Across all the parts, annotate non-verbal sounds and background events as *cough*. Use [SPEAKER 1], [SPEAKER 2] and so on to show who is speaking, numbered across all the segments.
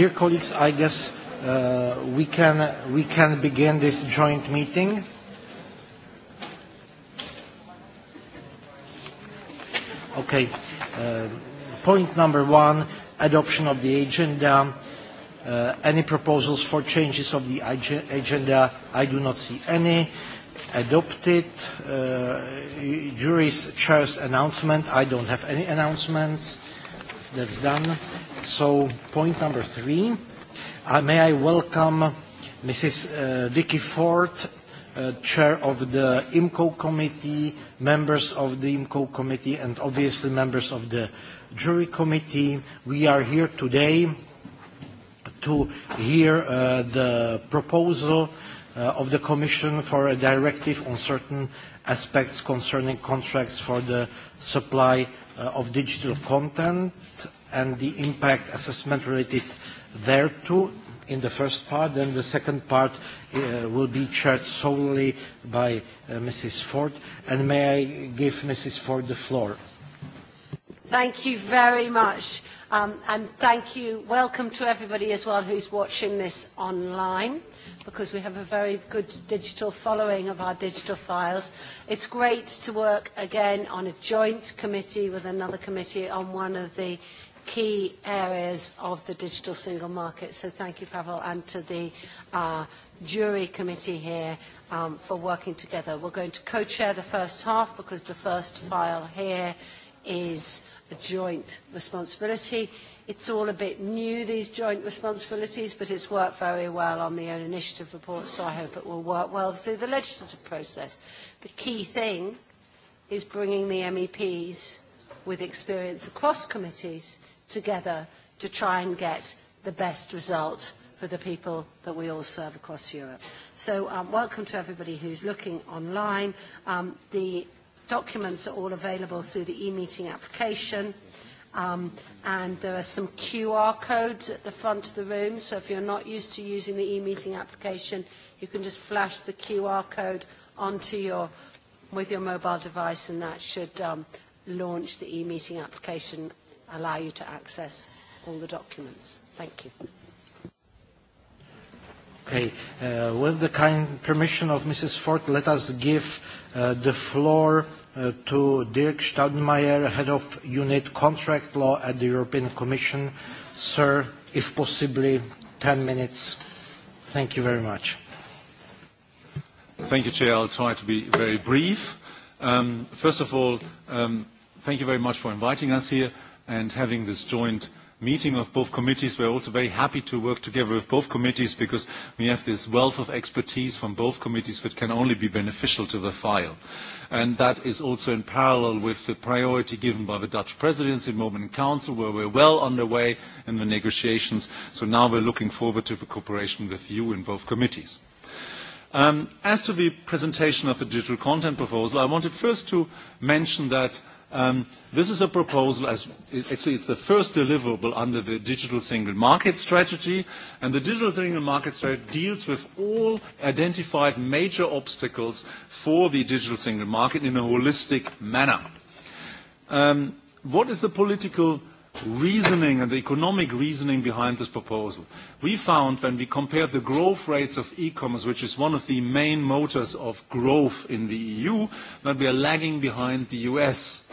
[SPEAKER 1] Dear colleagues, I guess uh, we, can, we can begin this joint meeting. Okay, uh, point number one, adoption of the agenda. Uh, any proposals for changes of the agenda? I do not see any. Adopted. Uh, Jury's chair's announcement. I don't have any announcements. Uh, That's done. So point number three. Uh, may I welcome Mrs. Uh, Vicky Ford, uh, Chair of the IMCO Committee, members of the IMCO Committee, and obviously members of the Jury Committee. We are here today to hear uh, the proposal uh, of the Commission for a directive on certain aspects concerning contracts for the supply Uh, of digital content and the impact assessment related thereto in the first part. Then the second part uh, will be chaired solely by uh, Mrs. Ford. And may I give Mrs. Ford the floor?
[SPEAKER 2] Thank you very much. Um, and thank you. Welcome to everybody as well who's watching this online because we have a very good digital following of our digital files. It's great to work again on a joint committee with another committee on one of the key areas of the digital single market. So thank you, Pavel, and to the uh, jury committee here um, for working together. We're going to co-chair the first half because the first file here is a joint responsibility. It's all a bit new, these joint responsibilities, but it's worked very well on the own initiative report, so I hope it will work well through the legislative process. The key thing is bringing the MEPs with experience across committees together to try and get the best result for the people that we all serve across Europe. So um, welcome to everybody who's looking online. Um, the documents are all available through the e-meeting application. Yes. Um, and there are some QR codes at the front of the room, so if you're not used to using the e-meeting application, you can just flash the QR code onto your, with your mobile device, and that should um, launch the e-meeting application, allow you to access all the documents. Thank you.
[SPEAKER 1] Okay. Uh, with the kind permission of Mrs. Ford, let us give uh, the floor Uh, to Dirk Staudenmayer, head of unit contract law at the European Commission. Sir, if possibly, 10 minutes. Thank you very much.
[SPEAKER 3] Thank you, Chair. I'll try to be very brief. Um, first of all, um, thank you very much for inviting us here and having this joint uh, meeting of both committees. We're also very happy to work together with both committees because we have this wealth of expertise from both committees which can only be beneficial to the file. And that is also in parallel with the priority given by the Dutch presidency moment in council where we're well underway in the negotiations. So now we're looking forward to the cooperation with you in both committees. Um, as to the presentation of the digital content proposal, I wanted first to mention that Um, this is a proposal, as it, actually it's the first deliverable under the digital single market strategy, and the digital single market strategy deals with all identified major obstacles for the digital single market in a holistic manner. Um, what is the political reasoning and the economic reasoning behind this proposal? We found when we compared the growth rates of e-commerce, which is one of the main motors of growth in the EU, that we are lagging behind the US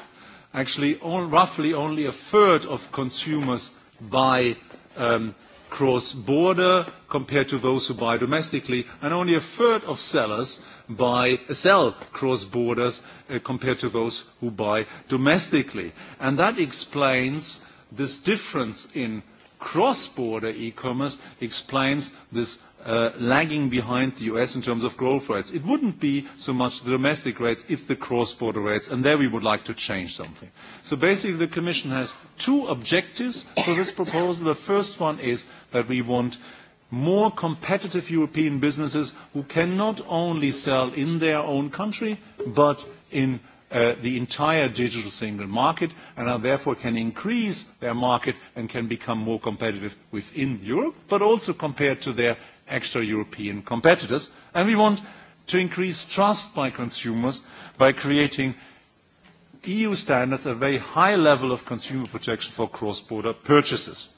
[SPEAKER 3] actually on, roughly only a third of consumers buy um, cross-border compared to those who buy domestically, and only a third of sellers buy, sell cross-borders uh, compared to those who buy domestically. And that explains this difference in cross-border e-commerce, explains this Uh, lagging behind the U.S. in terms of growth rates. It wouldn't be so much the domestic rates, it's the cross-border rates, and there we would like to change something. Basically, the Commission has two objectives for this proposal. The first one is that we want more competitive European businesses who can not only sell in their own country, but in uh, the entire digital single market, and therefore can increase their market and can become more competitive within Europe, but also compared to their extra-European competitors. We want to increase trust by consumers by creating EU standards, a very high level of consumer protection for cross-border purchases.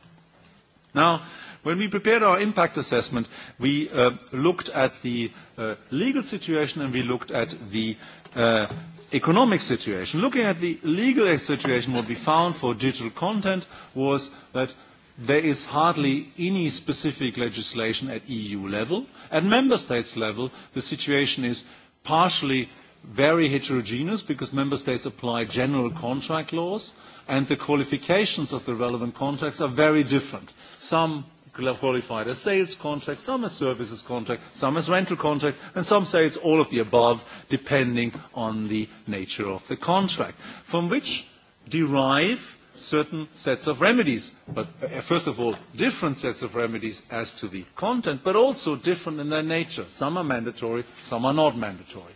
[SPEAKER 3] Now, when we prepared our impact assessment, we uh, looked at the uh, legal situation, and we looked at the uh, economic situation. Looking at the legal situation, what we found for digital content was that there is hardly any specific legislation at EU level. At member states level, the situation is partially very heterogeneous because member states apply general contract laws and the qualifications of the relevant contracts are very different. Some qualified as sales contract, some as services contract, some as rental contract, and some say it's all of the above depending on the nature of the contract, from which derive certain sets of remedies, but uh, first of all, different sets of remedies as to the content, but also different in their nature. Some are mandatory, some are not mandatory.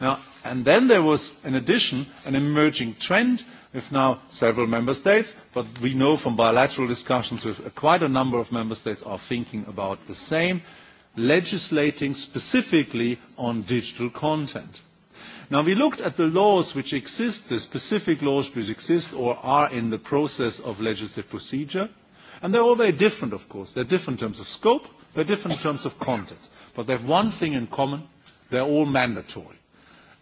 [SPEAKER 3] Now, and then there was, in addition, an emerging trend with now several member states, but we know from bilateral discussions with uh, quite a number of member states are thinking about the same, legislating specifically on digital content. Now we looked at the laws which exist, the specific laws which exist or are in the process of legislative procedure, and they're all very different, of course. They're different in terms of scope, they're different in terms of context. But they have one thing in common, they're all mandatory.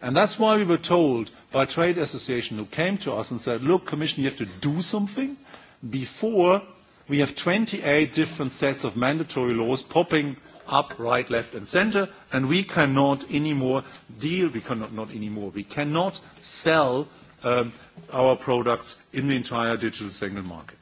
[SPEAKER 3] And that's why we were told by a trade association who came to us and said, look, Commission, you have to do something before we have 28 different sets of mandatory laws popping up, right, left, and center, and we cannot anymore deal, we cannot, not anymore, we cannot sell um, our products in the entire digital single market.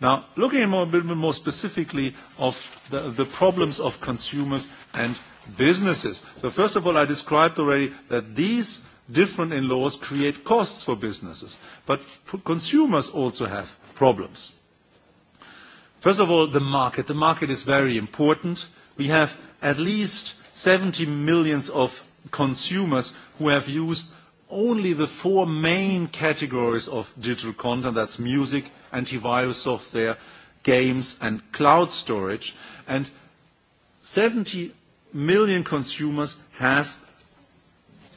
[SPEAKER 3] Now, looking more, a bit more specifically of the, the problems of consumers and businesses. So first of all, I described already that these different in-laws create costs for businesses, but consumers also have problems. First of all, the market. The market is very important. Uh, we have at least seventy million consumers who have used only the four main categories of digital content that's music, antivirus software, games and cloud storage and seventy million consumers have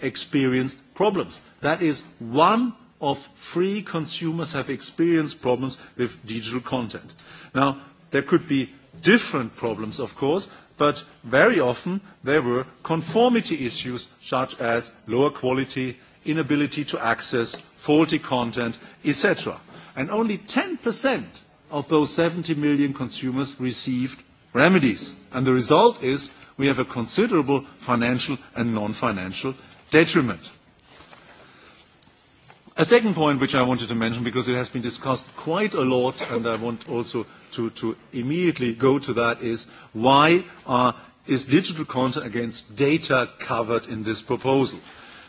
[SPEAKER 3] experienced problems. That is one of three consumers have experienced problems with digital content. Now there could be different problems of course but very often there were conformity issues such as lower quality, inability to access, faulty content, etc. And only 10% of those 70 million consumers received remedies. And the result is we have a considerable financial and non-financial detriment. A second point which I wanted to mention because it has been discussed quite a lot and I want also to, to immediately go to that is why are, is digital content against data covered in this proposal?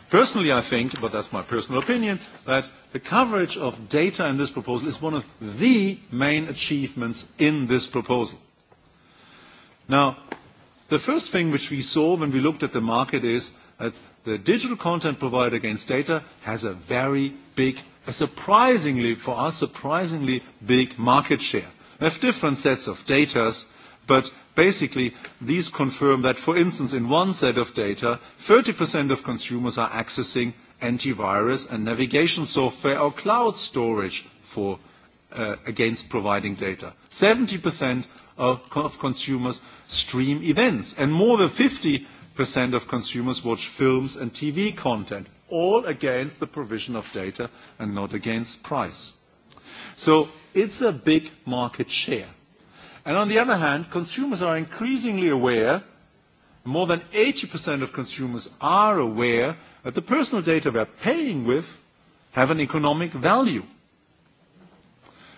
[SPEAKER 3] Personally, I think, but that's my personal opinion, that the coverage of data in this proposal is one of the main achievements in this proposal. Now, the first thing which we saw when we looked at the market is that the digital content provided against data has a very big, a surprisingly, for us, surprisingly big market share have different sets of data, but basically these confirm that, for instance, in one set of data, 30% of consumers are accessing antivirus and navigation software or cloud storage for, uh, against providing data. 70% of, of consumers stream events, and more than 50% of consumers watch films and TV content, all against the provision of data and not against price. So it's a big market share. And on the other hand, consumers are increasingly aware, more than 80% of consumers are aware that the personal data they're paying with have an economic value.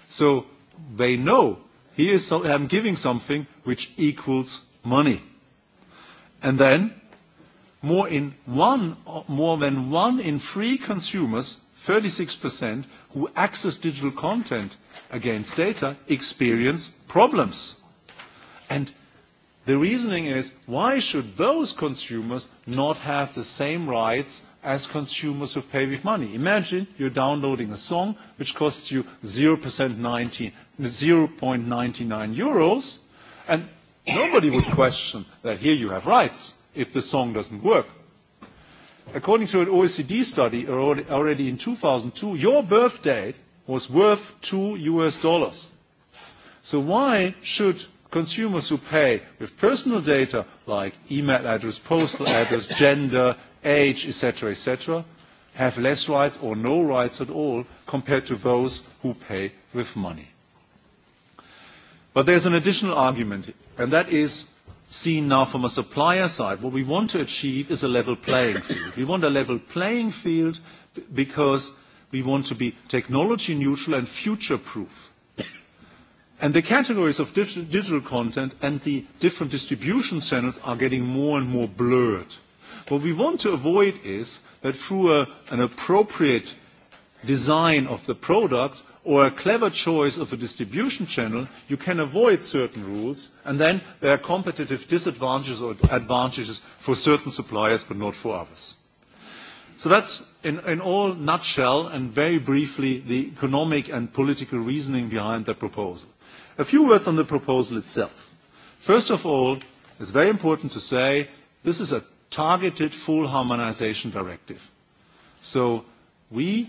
[SPEAKER 3] So they know here is so, I'm giving something which equals money. And then more, in one, more than one in three consumers, 36%, who access digital content against data experience problems. And the reasoning is why should those consumers not have the same rights as consumers who pay with money? Imagine you're downloading a song which costs you 0.99 euros, and nobody would question that here you have rights if the song doesn't work according to an OECD study already in 2002, your birth date was worth two US dollars. So why should consumers who pay with personal data like email address, postal address, *coughs* gender, age, etc., etc., have less rights or no rights at all compared to those who pay with money? But there's an additional argument, and that is seen now from a supplier side, what we want to achieve is a level playing field. We want a level playing field because we want to be technology neutral and future proof. And the categories of digital content and the different distribution channels are getting more and more blurred. What we want to avoid is that through a, an appropriate design of the product, or a clever choice of a distribution channel, you can avoid certain rules, and then there are competitive disadvantages or advantages for certain suppliers, but not for others. So that's, in, in all nutshell and very briefly, the economic and political reasoning behind the proposal. A few words on the proposal itself. First of all, it's very important to say this is a targeted full harmonization directive. So we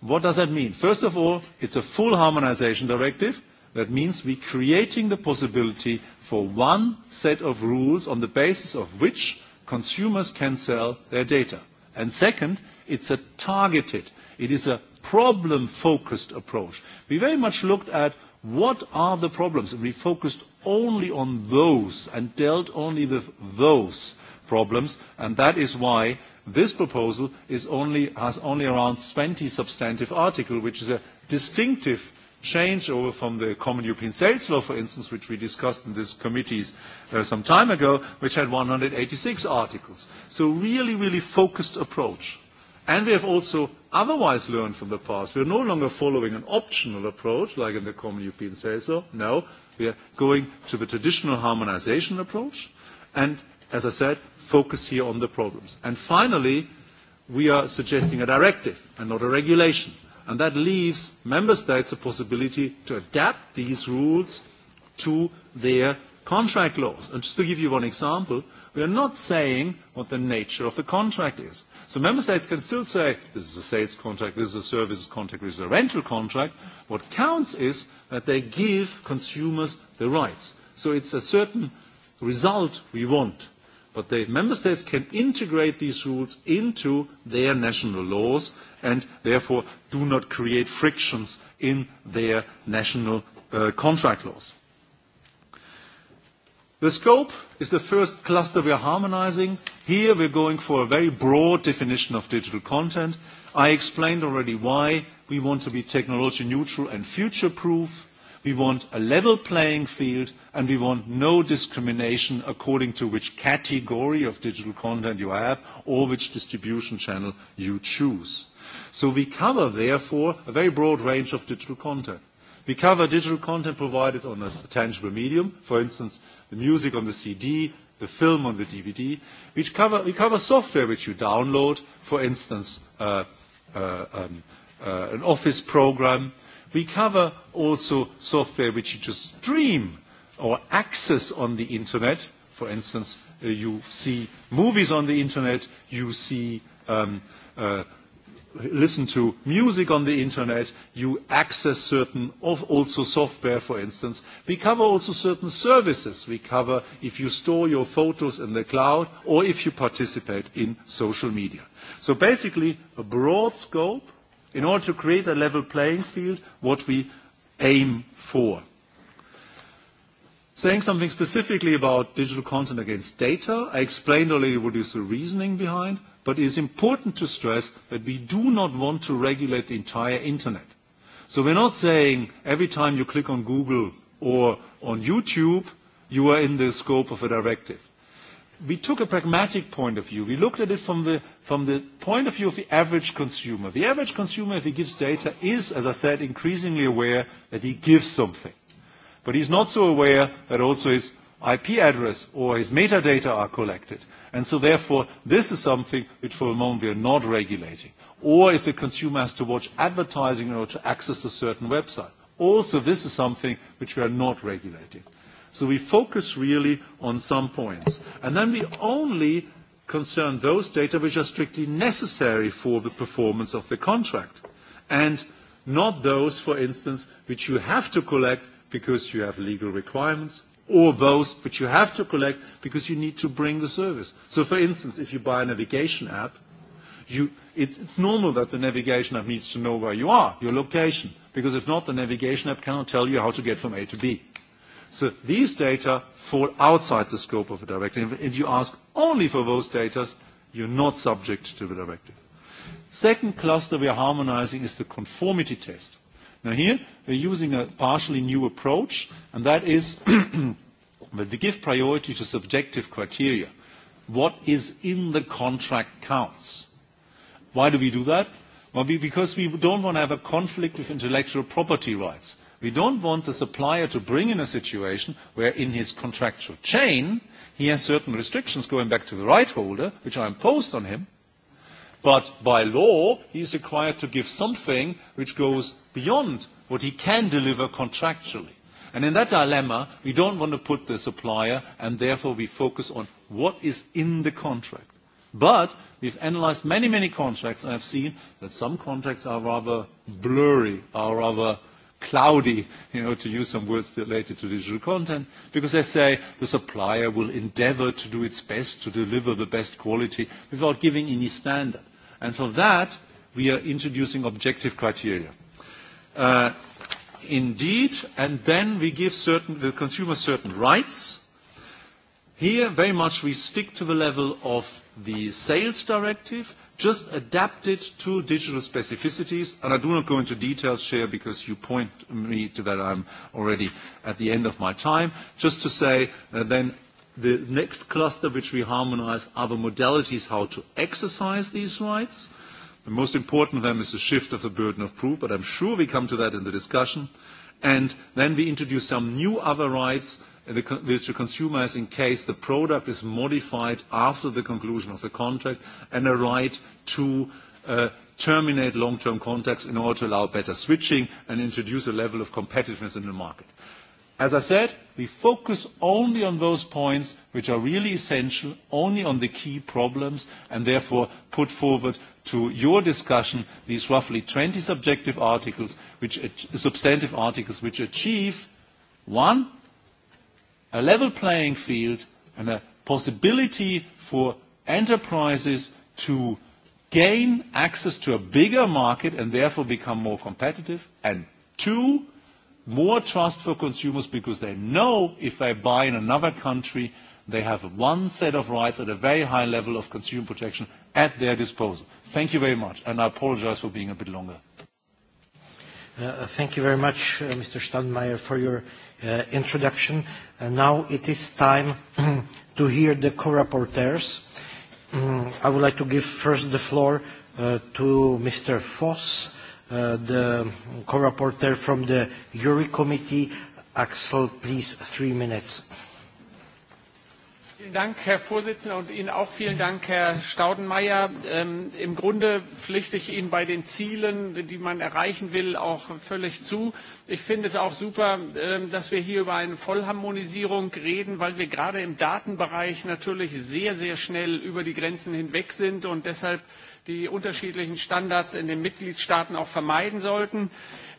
[SPEAKER 3] What does that mean? First of all, it's a full harmonization directive. That means we're creating the possibility for one set of rules on the basis of which consumers can sell their data. Second, it's a targeted, it is a problem-focused approach. We very much looked at what are the problems, and we focused only on those and dealt only with those problems, and that is why this proposal is only, has only around 20 substantive articles, which is a distinctive change over from the Common European Sales Law, for instance, which we discussed in this committee uh, some time ago, which had 186 articles. So really, really focused approach. And we have also otherwise learned from the past. We are no longer following an optional approach, like in the Common European Sales Law. No, we are going to the traditional harmonization approach. And as I said, focus here on the problems. And finally, we are suggesting a directive and not a regulation. And that leaves member states a possibility to adapt these rules to their contract laws. And just to give you one example, we are not saying what the nature of the contract is. So member states can still say, this is a sales contract, this is a services contract, this is a rental contract. What counts is that they give consumers the rights. So it's a certain result we want but the member states can integrate these rules into their national laws and therefore do not create frictions in their national uh, contract laws. The scope is the first cluster we are harmonizing. Here we're going for a very broad definition of digital content. I explained already why we want to be technology neutral and future-proof we want a level playing field, and we want no discrimination according to which category of digital content you have or which distribution channel you choose. So we cover, therefore, a very broad range of digital content. We cover digital content provided on a tangible medium, for instance, the music on the CD, the film on the DVD. We cover, we cover software which you download, for instance, uh, uh, um, uh, an office program, uh, We cover also software which you just stream or access on the internet. For instance, uh, you see movies on the internet, you see, um, uh, listen to music on the internet, you access certain of also software, for instance. We cover also certain services. We cover if you store your photos in the cloud or if you participate in social media. So basically, a broad scope in order to create a level playing field, what we aim for. Saying something specifically about digital content against data, I explained already what is the reasoning behind, but it is important to stress that we do not want to regulate the entire Internet. So we're not saying every time you click on Google or on YouTube, you are in the scope of a directive we took a pragmatic point of view. We looked at it from the, from the point of view of the average consumer. The average consumer, if he gives data, is, as I said, increasingly aware that he gives something. But he's not so aware that also his IP address or his metadata are collected. And so therefore, this is something which for a moment we are not regulating. Or if the consumer has to watch advertising in order to access a certain website. Also, this is something which we are not regulating. So we focus really on some points. And then we only concern those data which are strictly necessary for the performance of the contract and not those, for instance, which you have to collect because you have legal requirements or those which you have to collect because you need to bring the service. So, for instance, if you buy a navigation app, you, it's, it's normal that the navigation app needs to know where you are, your location, because if not, the navigation app cannot tell you how to get from A to B. So these data fall outside the scope of the directive. If you ask only for those data, you're not subject to the directive. Second cluster we are harmonizing is the conformity test. Now here, we're using a partially new approach, and that is *clears throat* that we give priority to subjective criteria. What is in the contract counts. Why do we do that? Well, because we don't want to have a conflict with intellectual property rights. We don't want the supplier to bring in a situation where in his contractual chain, he has certain restrictions going back to the right holder, which are imposed on him, but by law, he's required to give something which goes beyond what he can deliver contractually. In that dilemma, we don't want to put the supplier, and therefore we focus on what is in the contract. We've analyzed many, many contracts, and I've seen that some contracts are rather blurry, are rather cloudy, you know, to use some words related to digital content, because they say the supplier will endeavor to do its best to deliver the best quality without giving any standard. And for that, we are introducing objective criteria. Uh, indeed, and then we give certain, the consumer certain rights. Here, very much we stick to the level of the sales directive, just adapted to digital specificities, and I do not go into details here because you point me to that I'm already at the end of my time, just to say uh, then the next cluster which we harmonize are the modalities how to exercise these rights. The most important of them is the shift of the burden of proof, but I'm sure we come to that in the discussion. And then we introduce some new other rights Uh, with the consumers in case the product is modified after the conclusion of the contract and a right to uh, terminate long-term contracts in order to allow better switching and introduce a level of competitiveness in the market. As I said, we focus only on those points which are really essential, only on the key problems, and therefore put forward to your discussion these roughly 20 subjective articles, which, uh, substantive articles which achieve, one, a level playing field and a possibility for enterprises to gain access to a bigger market and therefore become more competitive and two more trust for consumers because they know if they buy in another country they have one set of rights at a very high level of consumer protection at their disposal thank you very much and i apologize for being a bit longer
[SPEAKER 1] uh, thank you very much uh, mr standmeier for your uh, introduction. Uh, now it is time *clears throat* to hear the co-rapporteurs. Um, I would like to give first the floor uh, to Mr. Foss, uh, the co-rapporteur from the Jury Committee. Axel, please, three minutes.
[SPEAKER 4] Vielen Dank, Herr Vorsitzender, und Ihnen auch vielen Dank, Herr Staudenmayer. Ähm, Im Grunde pflichte ich Ihnen bei den Zielen, die man erreichen will, auch völlig zu. Ich finde es auch super, ähm, dass wir hier über eine Vollharmonisierung reden, weil wir gerade im Datenbereich natürlich sehr, sehr schnell über die Grenzen hinweg sind und deshalb die unterschiedlichen Standards in den Mitgliedstaaten auch vermeiden sollten.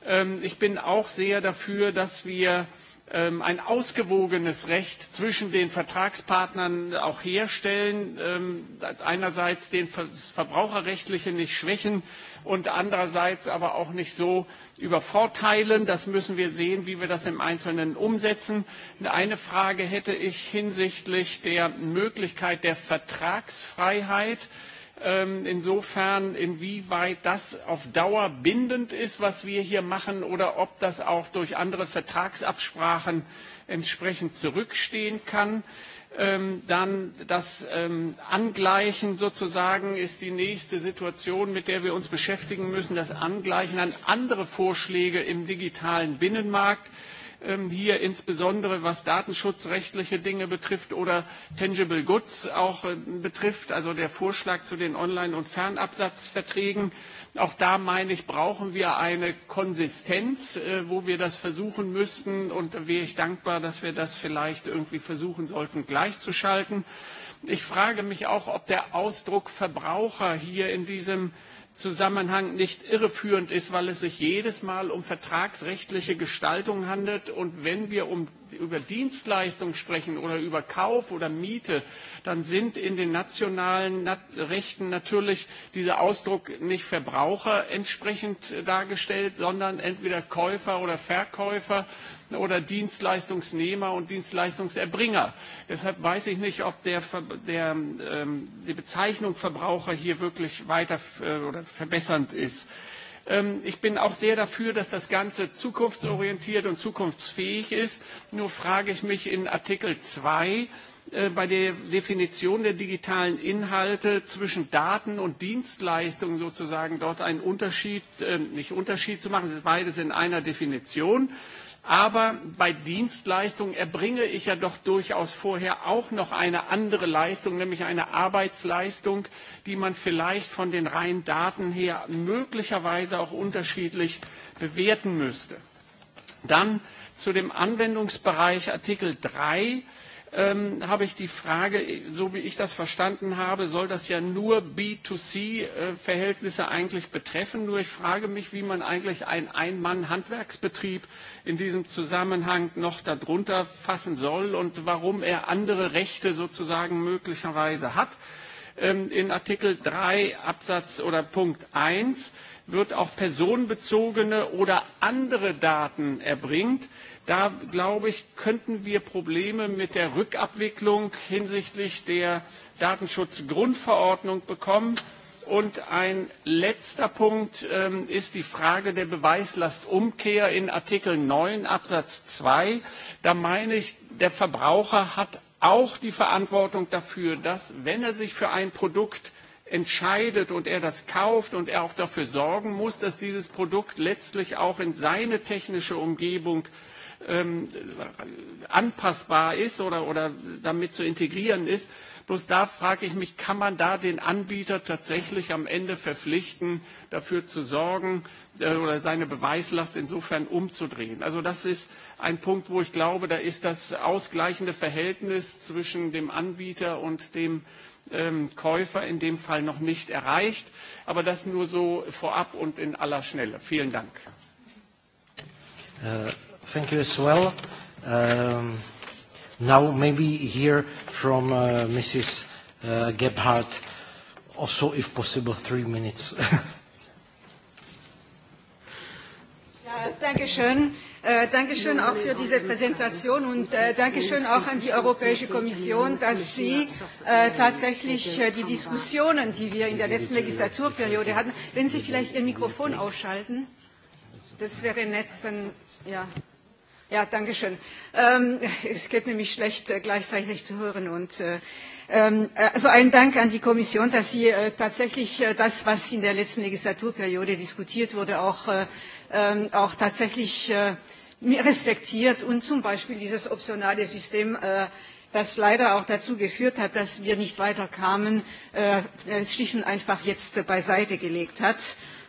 [SPEAKER 4] Ähm, ich bin auch sehr dafür, dass wir Ähm, ein ausgewogenes Recht zwischen den Vertragspartnern auch herstellen, ähm, einerseits den Verbraucherrechtliche nicht schwächen und andererseits aber auch nicht so übervorteilen. Das müssen wir sehen, wie wir das im Einzelnen umsetzen. Eine Frage hätte ich hinsichtlich der Möglichkeit der Vertragsfreiheit. Ähm, insofern, inwieweit das auf Dauer bindend ist, was wir hier machen, oder ob das auch durch andere Vertragsabsprachen entsprechend zurückstehen kann. Ähm, dann das ähm, Angleichen sozusagen ist die nächste Situation, mit der wir uns beschäftigen müssen, das Angleichen an andere Vorschläge im digitalen Binnenmarkt. Ähm, hier insbesondere was datenschutzrechtliche Dinge betrifft oder Tangible Goods auch äh, betrifft, also der Vorschlag zu den Online- und Fernabsatzverträgen. Auch da meine ich, brauchen wir eine Konsistenz, äh, wo wir das versuchen müssten und wäre ich dankbar, dass wir das vielleicht irgendwie versuchen sollten gleichzuschalten. Ich frage mich auch, ob der Ausdruck Verbraucher hier in diesem Zusammenhang nicht irreführend ist, weil es sich jedes Mal um vertragsrechtliche Gestaltung handelt. Und wenn wir um über Dienstleistung sprechen oder über Kauf oder Miete, dann sind in den nationalen Rechten natürlich dieser Ausdruck nicht Verbraucher entsprechend äh, dargestellt, sondern entweder Käufer oder Verkäufer oder Dienstleistungsnehmer und Dienstleistungserbringer. Deshalb weiß ich nicht, ob der, der, ähm, die Bezeichnung Verbraucher hier wirklich weiter äh, oder verbessernd ist. Ähm, ich bin auch sehr dafür, dass das Ganze zukunftsorientiert und zukunftsfähig ist. Nur frage ich mich in Artikel 2 äh, bei der Definition der digitalen Inhalte zwischen Daten und Dienstleistungen sozusagen dort einen Unterschied, äh, nicht Unterschied zu machen, beides in einer Definition. Aber bei Dienstleistungen erbringe ich ja doch durchaus vorher auch noch eine andere Leistung, nämlich eine Arbeitsleistung, die man vielleicht von den reinen Daten her möglicherweise auch unterschiedlich bewerten müsste. Dann zu dem Anwendungsbereich Artikel 3 ähm, habe ich die Frage, so wie ich das verstanden habe, soll das ja nur B2C-Verhältnisse äh, eigentlich betreffen. Nur ich frage mich, wie man eigentlich einen Ein-Mann-Handwerksbetrieb in diesem Zusammenhang noch darunter fassen soll und warum er andere Rechte sozusagen möglicherweise hat. Ähm, in Artikel 3 Absatz oder Punkt 1 wird auch personenbezogene oder andere Daten erbringt. Da, glaube ich, könnten wir Probleme mit der Rückabwicklung hinsichtlich der Datenschutzgrundverordnung bekommen. Und ein letzter Punkt ähm, ist die Frage der Beweislastumkehr in Artikel 9 Absatz 2. Da meine ich, der Verbraucher hat auch die Verantwortung dafür, dass, wenn er sich für ein Produkt entscheidet und er das kauft und er auch dafür sorgen muss, dass dieses Produkt letztlich auch in seine technische Umgebung ähm, anpassbar ist oder, oder damit zu integrieren ist. Bloß da frage ich mich, kann man da den Anbieter tatsächlich am Ende verpflichten, dafür zu sorgen äh, oder seine Beweislast insofern umzudrehen? Also das ist ein Punkt, wo ich glaube, da ist das ausgleichende Verhältnis zwischen dem Anbieter und dem äh, ähm, Käufer in dem Fall noch nicht erreicht. Aber das nur so vorab und in aller Schnelle. Vielen Dank.
[SPEAKER 1] Uh, thank you as well. Um, now maybe here from uh, Mrs. Uh, Gebhardt, also if possible three minutes. *laughs*
[SPEAKER 5] ja, danke schön. Äh, Dankeschön auch für diese Präsentation und äh, Dankeschön auch an die Europäische Kommission, dass Sie äh, tatsächlich äh, die Diskussionen, die wir in der letzten Legislaturperiode hatten, wenn Sie vielleicht Ihr Mikrofon ausschalten, das wäre nett, dann, ja. Ja, Dankeschön. Ähm, es geht nämlich schlecht, äh, gleichzeitig zu hören und, äh, ähm, äh also einen Dank an die Kommission, dass sie äh, tatsächlich das, was in der letzten Legislaturperiode diskutiert wurde, auch Ähm, auch tatsächlich äh, respektiert und zum Beispiel dieses optionale System, äh, das leider auch dazu geführt hat, dass wir nicht weiterkamen, äh, schlicht und einfach jetzt beiseite gelegt hat.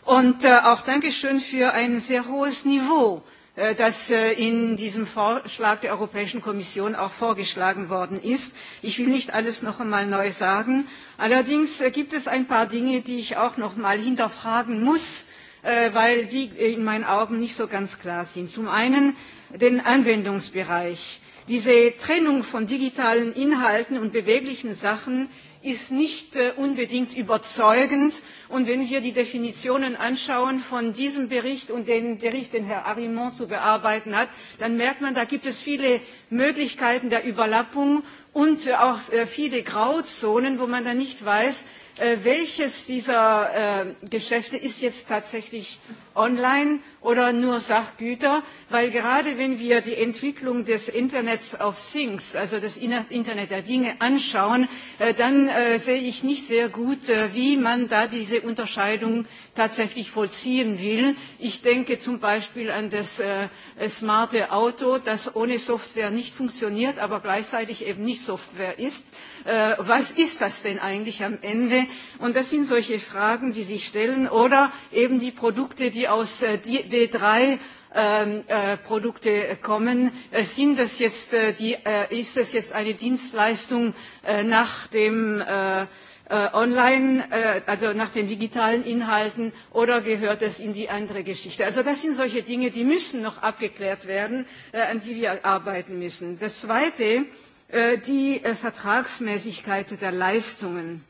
[SPEAKER 5] Und auch Dankeschön für ein sehr hohes Niveau, das in diesem Vorschlag der Europäischen Kommission auch vorgeschlagen worden ist. Ich will nicht alles noch einmal neu sagen. Allerdings gibt es ein paar Dinge, die ich auch noch einmal hinterfragen muss, Äh, weil die in meinen Augen nicht so ganz klar sind. Zum einen den Anwendungsbereich. Diese Trennung von digitalen Inhalten und beweglichen Sachen ist nicht äh, unbedingt überzeugend. Und wenn wir die Definitionen anschauen von diesem Bericht und dem Bericht, den Herr Arimont zu bearbeiten hat, dann merkt man, da gibt es viele Möglichkeiten der Überlappung und äh, auch viele Grauzonen, wo man dann nicht weiß, Äh, welches dieser äh, geschäfte ist jetzt tatsächlich online oder nur sachgüter weil gerade wenn wir die entwicklung des internet of things also des internet der dinge anschauen äh, dann äh, sehe ich nicht sehr gut äh, wie man da diese unterscheidung tatsächlich vollziehen will. ich denke zum beispiel an das smarte auto das ohne software nicht funktioniert aber gleichzeitig eben nicht software ist. was ist das denn eigentlich am ende? und das sind solche fragen die sich stellen oder eben die produkte die aus äh, D3 ähm, äh, Produkte kommen. Äh, sind das jetzt die, ist das jetzt eine Dienstleistung nach dem Online, also nach den digitalen Inhalten oder gehört es in die andere Geschichte? Also das sind solche Dinge, die müssen noch abgeklärt werden, an die wir arbeiten müssen. Das Zweite, die Vertragsmäßigkeit der Leistungen.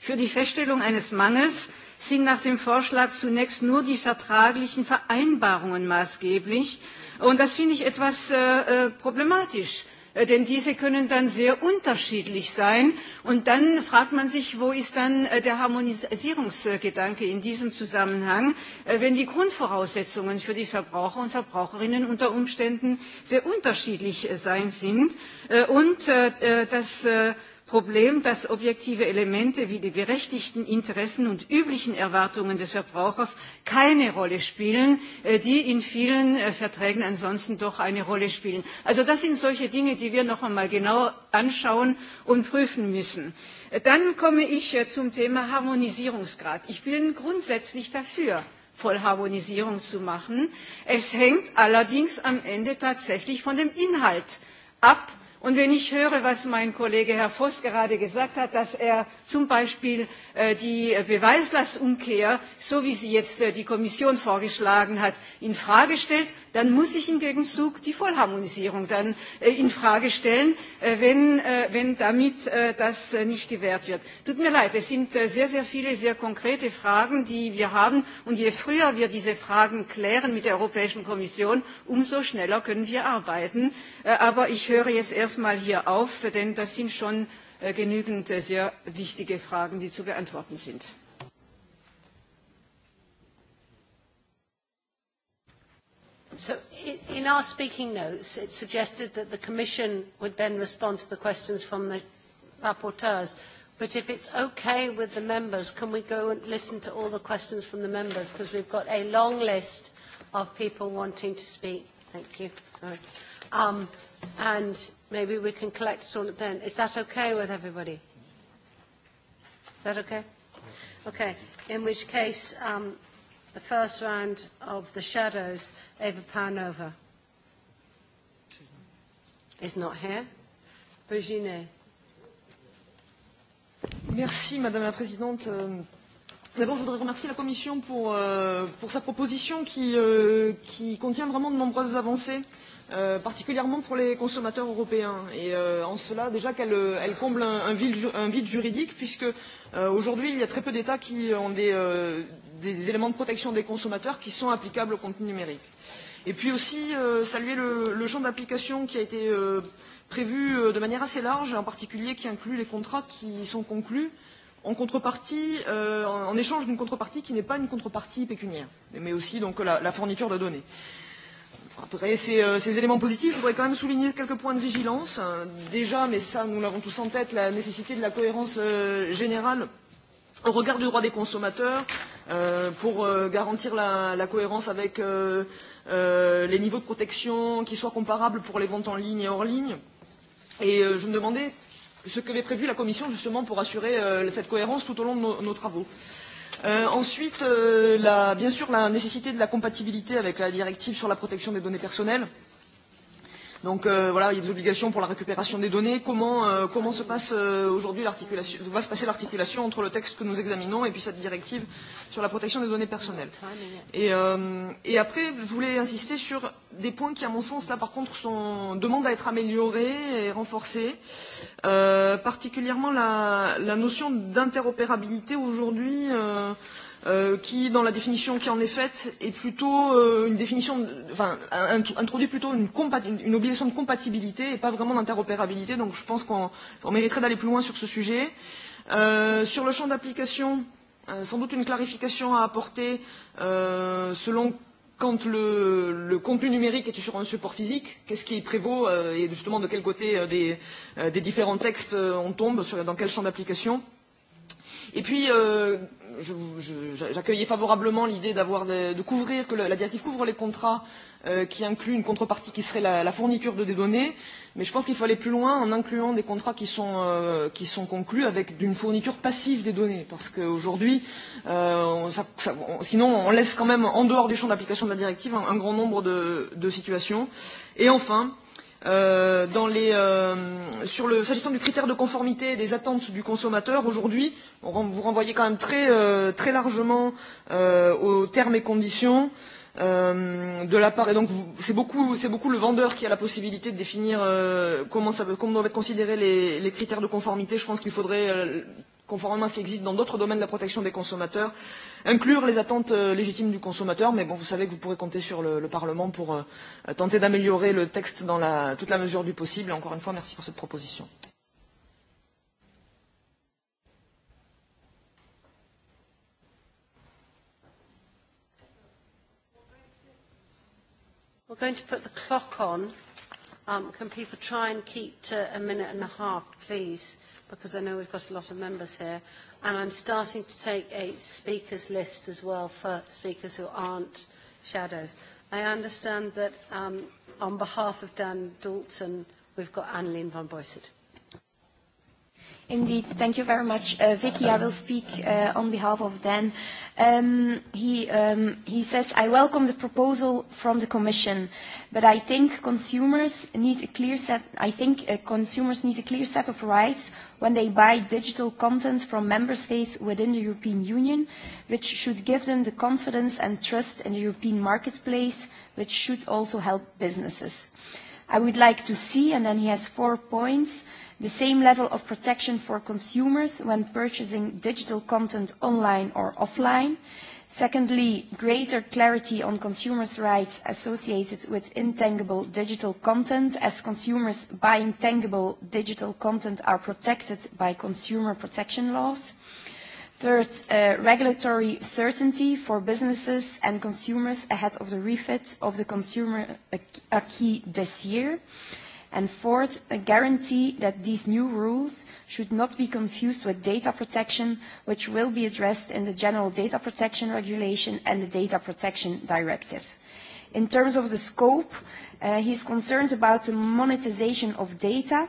[SPEAKER 5] Für die Feststellung eines Mangels äh, sind nach dem Vorschlag zunächst nur die vertraglichen Vereinbarungen maßgeblich. Und das finde ich etwas äh, äh problematisch, äh, denn diese können dann sehr unterschiedlich sein. Und dann fragt man sich, wo ist dann äh, der Harmonisierungsgedanke in diesem Zusammenhang, wenn die Grundvoraussetzungen für die Verbraucher und Verbraucherinnen unter Umständen sehr unterschiedlich sein sind. Und äh, das äh, problem dass objektive elemente wie die berechtigten interessen und üblichen erwartungen des verbrauchers keine rolle spielen äh, die in vielen äh, verträgen ansonsten doch eine rolle spielen. also das sind solche dinge die wir noch einmal genau anschauen und prüfen müssen. Äh, dann komme ich zum thema harmonisierungsgrad ich bin grundsätzlich dafür vollharmonisierung zu machen. es hängt allerdings am ende tatsächlich von dem inhalt ab Und wenn ich höre, was mein Kollege Herr Voss gerade gesagt hat, dass er zum Beispiel äh, die Beweislastumkehr, so wie sie jetzt äh, die Kommission vorgeschlagen hat, in Frage stellt, dann muss ich im Gegenzug die Vollharmonisierung dann äh, in Frage stellen, äh, wenn, äh, wenn damit äh, das äh, nicht gewährt wird. Tut mir leid, es sind äh, sehr, sehr viele sehr konkrete Fragen, die wir haben. Und je früher wir diese Fragen klären mit der Europäischen Kommission, umso schneller können wir arbeiten. Äh, aber ich höre jetzt erstmal hier auf, denn das sind schon äh, genügend äh, sehr wichtige Fragen, die zu beantworten sind.
[SPEAKER 2] So in our speaking notes, it suggested that the Commission would then respond to the questions from the rapporteurs. But if it's okay with the members, can we go and listen to all the questions from the members? Because we've got a long list of people wanting to speak. Thank you. Sorry. Um, and maybe we can collect it all then. Is that okay with everybody? Is that okay? Okay. In which case, um, the first round of the shadows, Eva Panova. Is not here. Virginie.
[SPEAKER 6] Merci, Madame la Présidente. Euh, d'abord, je voudrais remercier la Commission pour, euh, pour sa proposition qui, euh, qui contient vraiment de nombreuses avancées, euh, particulièrement pour les consommateurs européens. Et euh, en cela, déjà qu'elle elle comble un, un, vide, un vide juridique, puisque euh, aujourd'hui, il y a très peu d'États qui ont des, euh, des éléments de protection des consommateurs qui sont applicables au contenu numérique. Et puis aussi euh, saluer le, le champ d'application qui a été euh, prévu euh, de manière assez large, en particulier qui inclut les contrats qui sont conclus en contrepartie, euh, en, en échange d'une contrepartie qui n'est pas une contrepartie pécuniaire, mais aussi donc la, la fourniture de données. Après ces, euh, ces éléments positifs, je voudrais quand même souligner quelques points de vigilance. Déjà, mais ça nous l'avons tous en tête, la nécessité de la cohérence euh, générale au regard du droit des consommateurs, Euh, pour euh, garantir la, la cohérence avec euh, euh, les niveaux de protection qui soient comparables pour les ventes en ligne et hors ligne. Et euh, je me demandais ce que avait prévu la Commission justement pour assurer euh, cette cohérence tout au long de nos, nos travaux. Euh, ensuite, euh, la, bien sûr, la nécessité de la compatibilité avec la directive sur la protection des données personnelles. Euh, Donc euh, voilà, il y a des obligations pour la récupération des données. Comment, euh, comment se passe euh, aujourd'hui l'articulation, va se passer l'articulation entre le texte que nous examinons et puis cette directive sur la protection des données personnelles. Et, euh, et après, je voulais insister sur des points qui, à mon sens, là par contre, sont, demandent à être améliorés et renforcés. Euh, particulièrement la, la notion d'interopérabilité aujourd'hui. Euh, euh, qui, dans la définition qui en est faite, est plutôt euh, une définition, enfin, introduit plutôt une, une, une obligation de compatibilité et pas vraiment d'interopérabilité. Donc, je pense qu'on mériterait d'aller plus loin sur ce sujet. Euh, sur le champ d'application, euh, sans doute une clarification à apporter euh, selon quand le, le contenu numérique est sur un support physique, qu'est-ce qui prévaut euh, et justement de quel côté euh, des, euh, des différents textes euh, on tombe, sur, dans quel champ d'application. Et puis, euh, J'a-, j'accueillais favorablement l'idée d'avoir de, de couvrir que le, la directive couvre les contrats euh, qui incluent une contrepartie qui serait la, la fourniture de des données, mais je pense qu'il faut aller plus loin en incluant des contrats qui sont, euh, qui sont conclus avec une fourniture passive des données, parce qu'aujourd'hui, euh, sinon on laisse quand même en dehors du champ d'application de la directive un, un grand nombre de, de situations. Et enfin, euh, euh, dans les, euh, sur le, s'agissant du critère de conformité des attentes du consommateur, aujourd'hui, vous renvoyez quand même très, euh, très largement euh, aux termes et conditions. Euh, de la part et donc c'est beaucoup c'est beaucoup le vendeur qui a la possibilité de définir euh, comment ça comment doivent être considérés les, les critères de conformité je pense qu'il faudrait euh, conformément à ce qui existe dans d'autres domaines de la protection des consommateurs, inclure les attentes euh, légitimes du consommateur. Mais bon, vous savez que vous pourrez compter sur le, le Parlement pour euh, tenter d'améliorer le texte dans la, toute la mesure du possible. Et encore une fois, merci pour cette proposition.
[SPEAKER 2] We're going to put the clock on. Um, can people try and keep to a minute and a half, please? because I know we've got a lot of members here, and I'm starting to take a speakers list as well for speakers who aren't shadows. I understand that um, on behalf of Dan Dalton, we've got Annalene von Boyset.
[SPEAKER 7] Indeed, thank you very much, uh, Vicky. I will speak uh, on behalf of Dan. Um, he, um, he says, I welcome the proposal from the Commission, but I think consumers need a clear set. I think uh, consumers need a clear set of rights when they buy digital content from member states within the European Union, which should give them the confidence and trust in the European marketplace, which should also help businesses. I would like to see, and then he has four points the same level of protection for consumers when purchasing digital content online or offline. Secondly, greater clarity on consumers' rights associated with intangible digital content, as consumers buying tangible digital content are protected by consumer protection laws. Third, uh, regulatory certainty for businesses and consumers ahead of the refit of the consumer uh, acquis this year. Uh, Fourth, a guarantee that these new rules should not be confused with data protection, which will be addressed in the General Data Protection Regulation and the Data Protection Directive. In terms of the scope, uh, he's concerned about the monetization of data.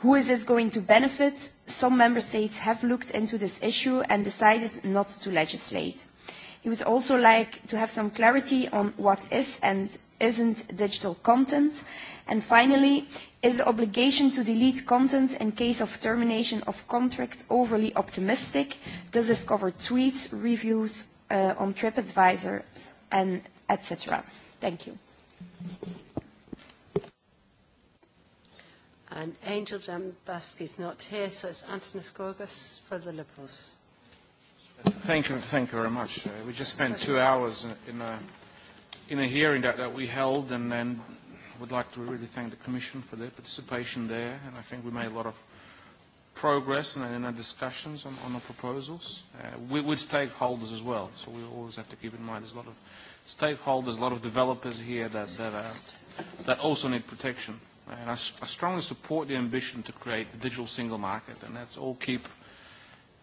[SPEAKER 7] Who is this going to benefit? Some member states have looked into this issue and decided not to legislate. He would also like to have some clarity on what is and isn't digital content? And finally, is the obligation to delete content in case of termination of contract overly optimistic? Does this cover tweets, reviews uh, on TripAdvisor, and etc.? Thank you.
[SPEAKER 2] And Angel Jambaski is not here, so it's Antonis Gorgas for the Liberals.
[SPEAKER 8] Thank you, thank you very much. Uh, we just spent two hours in, in a in a hearing that, that we held and then would like to really thank the Commission for their participation there and I think we made a lot of progress and in our discussions on, on the proposals uh, we, with stakeholders as well so we always have to keep in mind there's a lot of stakeholders, a lot of developers here that, that, are, uh, that also need protection and I, I strongly support the ambition to create the digital single market and let's all keep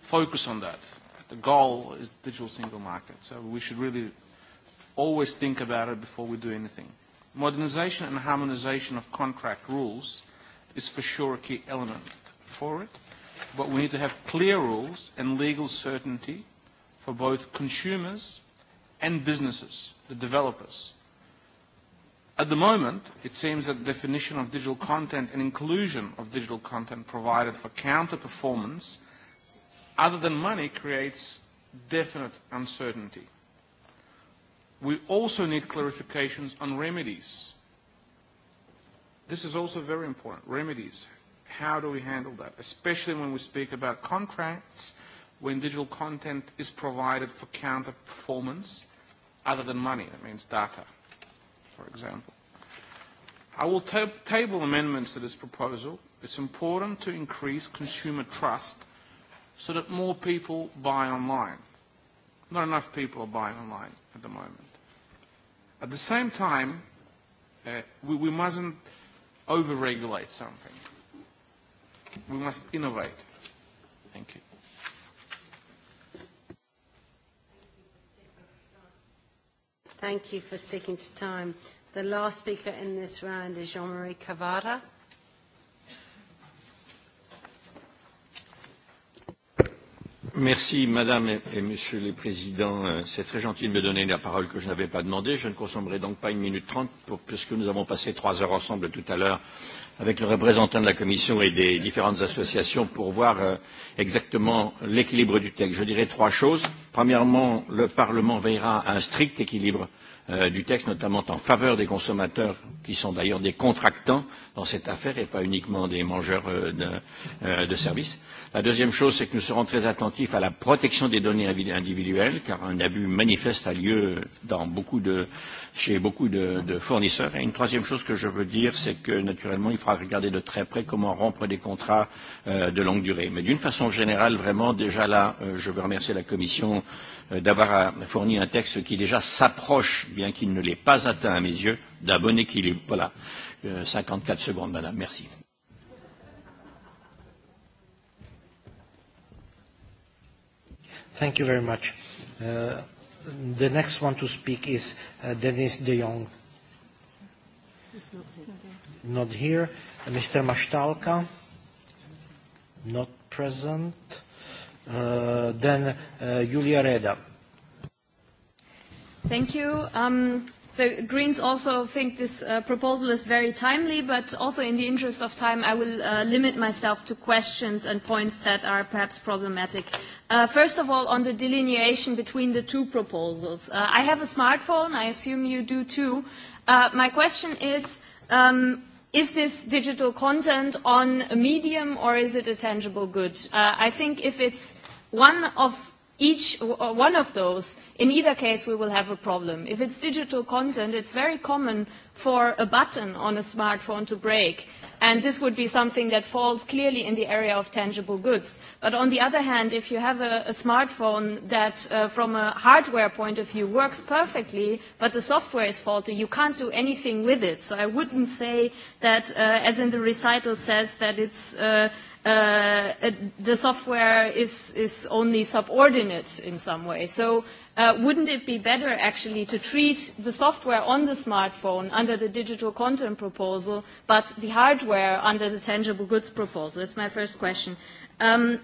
[SPEAKER 8] focus on that. The goal is the digital single market so we should really always think about it before we do anything. Modernization and harmonization of contract rules is for sure a key element for it, but we need to have clear rules and legal certainty for both consumers and businesses, the developers. At the moment, it seems that the definition of digital content and inclusion of digital content provided for counter-performance other than money creates definite uncertainty we also need clarifications on remedies. This is also very important, remedies. How do we handle that? Especially when we speak about contracts, when digital content is provided for counter performance other than money, that means data, for example. I will ta table amendments to this proposal. It's important to increase consumer trust so that more people buy online. Not enough people are buying online at the moment. At the same time, uh, we, we mustn't over-regulate something. We must innovate. Thank you.
[SPEAKER 2] Thank you for sticking to time. The last speaker in this round is Jean-Marie Cavada.
[SPEAKER 9] Merci Madame et Monsieur les Présidents. Euh, c'est très gentil de me donner la parole que je n'avais pas demandé. Je ne consommerai donc pas une minute trente puisque nous avons passé trois heures ensemble tout à l'heure avec le représentant de la Commission et des différentes associations pour voir euh, exactement l'équilibre du texte. Je dirais trois choses. Premièrement, le Parlement veillera à un strict équilibre euh, du texte, notamment en faveur des consommateurs, qui sont d'ailleurs des contractants dans cette affaire et pas uniquement des mangeurs euh, de, euh, de services. La deuxième chose, c'est que nous serons très attentifs à la protection des données individuelles, car un abus manifeste a lieu dans beaucoup de, chez beaucoup de, de fournisseurs. Et une troisième chose que je veux dire, c'est que naturellement, il faudra regarder de très près comment rompre des contrats euh, de longue durée. Mais d'une façon générale, vraiment, déjà là, euh, je veux remercier la Commission euh, d'avoir euh, fourni un texte qui déjà s'approche, bien qu'il ne l'ait pas atteint à mes yeux, d'un bon équilibre. Voilà. Euh, 54 secondes, madame. Merci.
[SPEAKER 1] Thank you very much. Uh, the next one to speak is uh, Denis de Jong. Not here. Mr. Mashtalka, not present. Uh, then uh, Julia Reda.
[SPEAKER 10] Thank you. Um, the Greens also think this uh, proposal is very timely, but also in the interest of time, I will uh, limit myself to questions and points that are perhaps problematic. Uh, first of all, on the delineation between the two proposals. Uh, I have a smartphone. I assume you do too. Uh, my question is, um, is this digital content on a medium or is it a tangible good? Uh, I think if it's one of each one of those in either case we will have a problem if it's digital content it's very common for a button on a smartphone to break. And this would be something that falls clearly in the area of tangible goods. But on the other hand, if you have a, a smartphone that, uh, from a hardware point of view, works perfectly, but the software is faulty, you can't do anything with it. So I wouldn't say that, uh, as in the recital says, that it's, uh, uh, it, the software is, is only subordinate in some way. So uh, wouldn't it be better actually to treat the software on the smartphone under the digital content proposal, but the hardware under the tangible goods proposal? That's my first question. Um,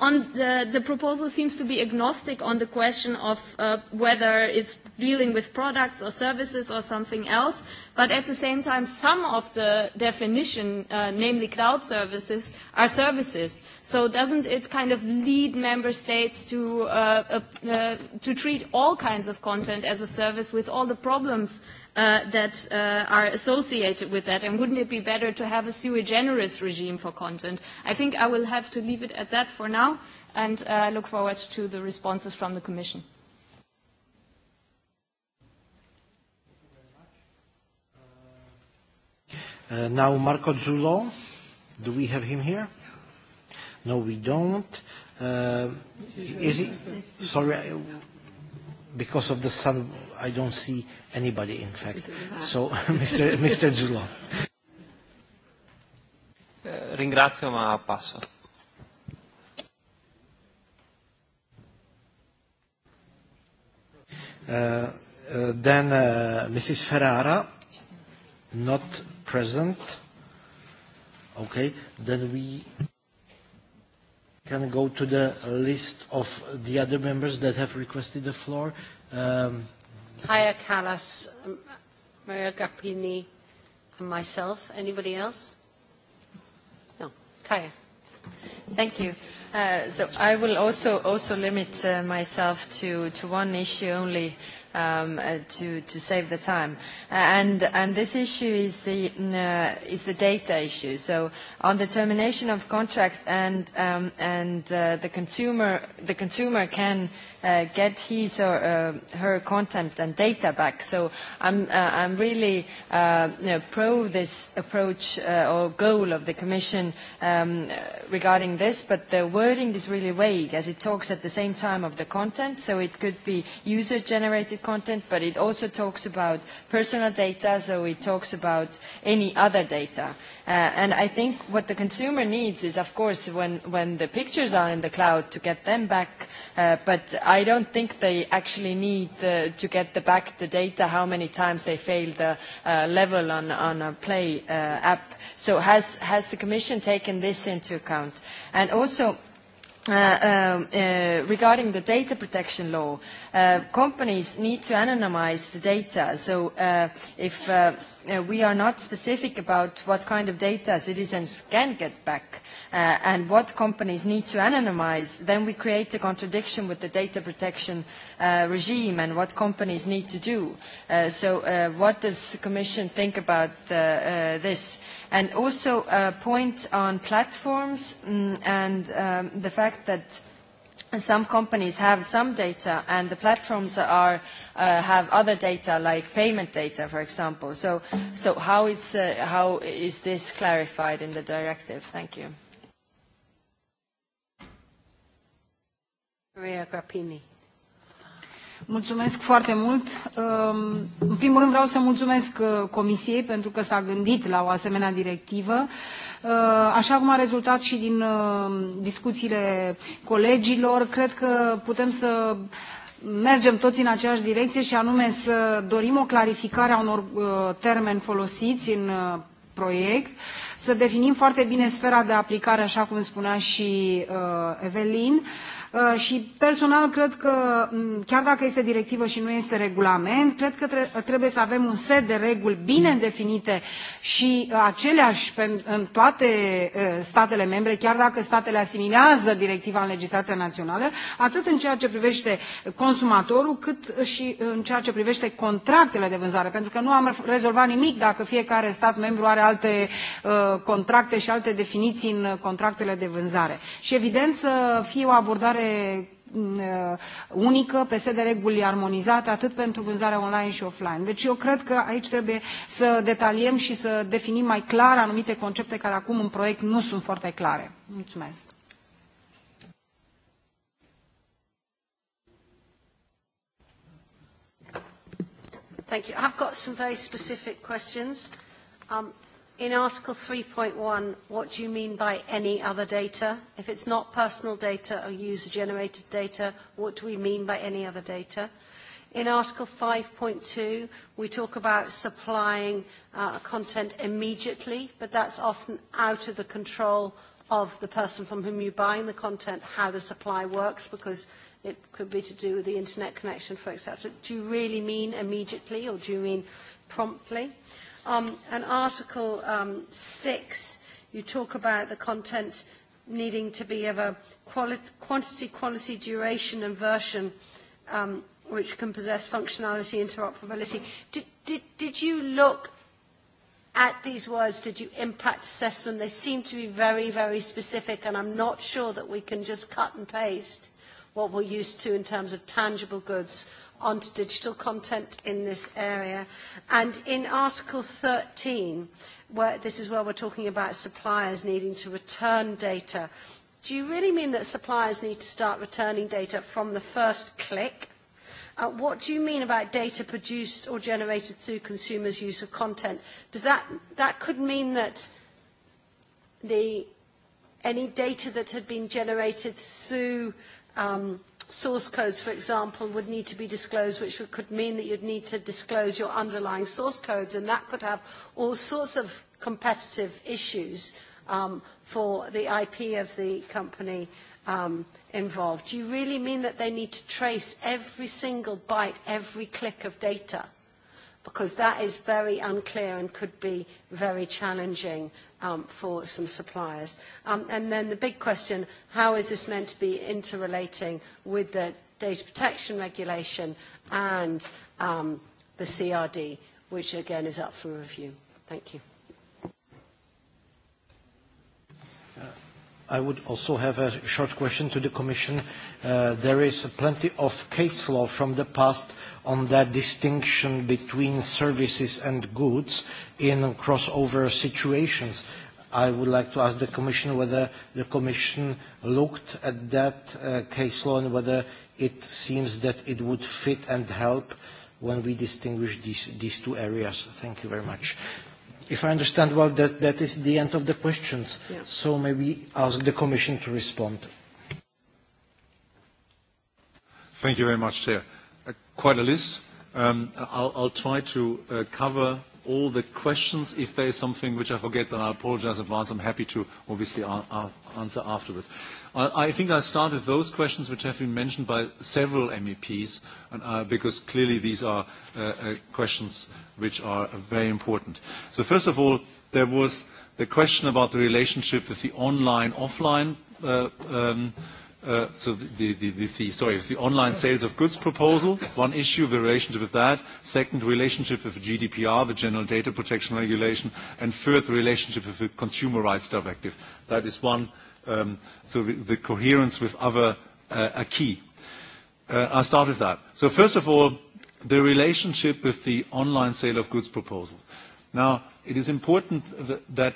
[SPEAKER 10] On the, the proposal seems to be agnostic on the question of uh, whether it's dealing with products or services or something else, but at the same time, some of the definition, uh, namely cloud services, are services. So doesn't it kind of lead member states to, uh, uh, uh, to treat all kinds of content as a service with all the problems uh, that uh, are associated with that. And wouldn't it be better to have a sui generis regime for content? I think I will have to leave it at that for now and uh, look forward to the responses from the Commission.
[SPEAKER 1] Uh, now Marco Zulo, do we have him here? No, we don't. Uh, is he? Sorry, I, because of the sun, I don't see anybody in fact. Ah. So Mr Mr Zulo.
[SPEAKER 4] Ringrazio ma passo.
[SPEAKER 1] Uh, uh, then uh, eh, Mrs. Ferrara, not present, okay, then we can go to the list of the other members that have requested the floor. Um,
[SPEAKER 2] Haya Kallas, Maria Gapini, and myself. Anybody else? No.
[SPEAKER 11] Kaya. Thank you. Uh, so I will also also limit uh, myself to, to one issue only um, uh, to, to save the time. Uh, and, and this issue is the, mm, uh, is the data issue. So on the termination of contracts and, um, and uh, the, consumer, the consumer can uh, get his or uh, her content and data back. So I'm, uh, I'm really uh, you know, pro this approach uh, or goal of the Commission um, regarding this, but the wording is really vague as it talks at the same time of the content. So it could be user-generated content, but it also talks about personal data, so it talks about any other data. Uh, and I think what the consumer needs is, of course, when, when the pictures are in the cloud, to get them back. Uh, but I don't think they actually need the, to get the back the data, how many times they failed the uh, level on, on a Play uh, app. So has, has the Commission taken this into account? And also, Uh, um, uh, regarding the data protection law, uh, companies need to anonymize the data. So uh, if uh, uh, we are not specific about what kind of data citizens can get back, uh, uh, and what companies need to anonymize, then we create a contradiction with the data protection uh, regime and what companies need to do. Uh, so uh, what does the Commission think about uh, uh, this? And also a uh, point on platforms mm, and um, the fact that some companies have some data and the platforms are, uh, have other data like payment data, for example. So, so how, is, uh, how is this clarified in the directive? Thank you.
[SPEAKER 12] Mulțumesc foarte mult. Um, în primul rând vreau să mulțumesc uh, Comisiei pentru că s-a gândit la o asemenea directivă. Uh, așa cum a rezultat și din uh, discuțiile colegilor, cred că putem să mergem toți în aceeași direcție și anume să dorim o clarificare a unor termeni folosiți în proiect, să definim foarte bine sfera de aplicare, așa cum spunea și Evelin, Uh, și personal cred că mm, chiar dacă este directivă și nu este regulament, cred că trebuie să avem un set de reguli bine definite și uh, aceleași în toate uh, statele membre, chiar dacă statele asimilează directiva în legislația națională, atât în ceea ce privește consumatorul, cât și în ceea ce privește contractele de vânzare, pentru că nu am rezolvat nimic dacă fiecare stat membru are alte contracte și alte definiții în contractele de vânzare. Și evident să fie o abordare reglementare mm, uh, unică, peste de reguli armonizate, atât pentru vânzarea online și offline. Deci eu cred că aici trebuie să detaliem și să definim mai clar anumite concepte care acum în proiect nu sunt foarte clare. Mulțumesc!
[SPEAKER 2] Thank you. I've got some very specific questions. Um, in Article 3.1, what do you mean by any other data? If it's not personal data or user-generated data, what do we mean by any other data? In Article 5.2, we talk about supplying uh, content immediately, but that's often out of the control of the person from whom you're buying the content, how the supply works, because it could be to do with the internet connection, for example. Do you really mean immediately, or do you mean promptly? Uh, Um, and Article um, 6, you talk about the content needing to be of a quali quantity, quality, duration, and version, um, which can possess functionality, interoperability. Did, did, did you look at these words? Did you impact assessment? They seem to be very, very specific, and I'm not sure that we can just cut and paste what we're used to in terms of tangible goods on to digital content in this area. And in Article 13, where, this is where we're talking about suppliers needing to return data. Do you really mean that suppliers need to start returning data from the first click? Uh, what do you mean about data produced or generated through consumers' use of content? Does that, that could mean that the, any data that had been generated through um, source codes, for example, would need to be disclosed, which could mean that you'd need to disclose your underlying source codes, and that could have all sorts of competitive issues um, for the IP of the company um, involved. Do you really mean that they need to trace every single byte, every click of data? because that is very unclear and could be very challenging um, for some suppliers. Um, and then the big question, how is this meant to be interrelating with the data protection regulation and um, the CRD, which again is up for review. Thank you.
[SPEAKER 1] I would also have a short question to the Commission. Uh, there is plenty of case law from the past on that distinction between services and goods in crossover situations. I would like to ask the Commission whether the Commission looked at that uh, case law and whether it seems that it would fit and help when we distinguish these, these two areas. Thank you very much. If I understand well, that, that is the end of the questions. Yeah. So maybe ask the Commission to respond.
[SPEAKER 3] Thank you very much, Chair. Uh, quite a list. Um, I'll, I'll try to uh, cover all the questions. If there is something which I forget, then I apologize in advance. I'm happy to obviously a- a- answer afterwards. I think I start with those questions which have been mentioned by several MEPs, and, uh, because clearly these are uh, uh, questions which are uh, very important. So first of all, there was the question about the relationship with the online-offline, uh, um, uh, so the, the, the, the, sorry, the online sales of goods proposal, one issue, the relationship with that, second, relationship with GDPR, the General Data Protection Regulation, and third, the relationship with the Consumer Rights Directive. That is one um, so the coherence with other uh, acquis. Uh, I'll start with that. So first of all, the relationship with the online sale of goods proposals. Now, it is important that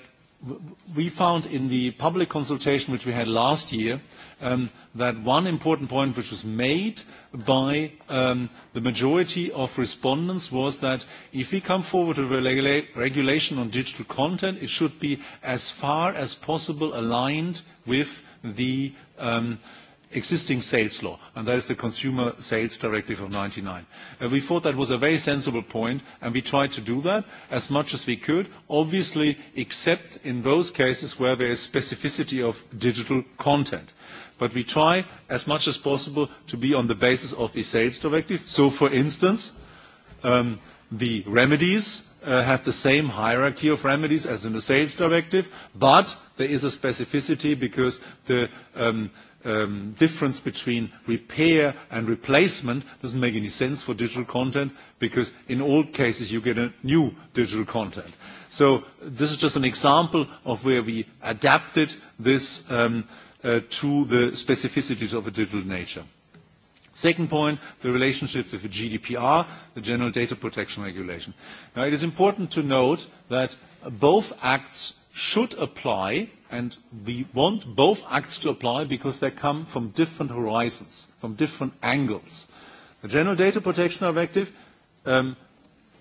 [SPEAKER 3] we found in the public consultation which we had last year um, that one important point which was made by um, the majority of respondents was that if we come forward with a regula- regulation on digital content, it should be as far as possible aligned with the um, existing sales law, and that is the Consumer Sales Directive of 1999. Uh, we thought that was a very sensible point, and we tried to do that as much as we could, obviously except in those cases where there is specificity of digital content. But we try as much as possible to be on the basis of the sales directive. So, for instance, um, the remedies uh, have the same hierarchy of remedies as in the sales directive, but there is a specificity because the um, – um, difference between repair and replacement doesn't make any sense for digital content because in all cases you get a new digital content. So this is just an example of where we adapted this um, uh, to the specificities of a digital nature. Second point, the relationship with the GDPR, the General Data Protection Regulation. Now it is important to note that both acts should apply, and we want both acts to apply because they come from different horizons, from different angles. The General Data Protection Directive um,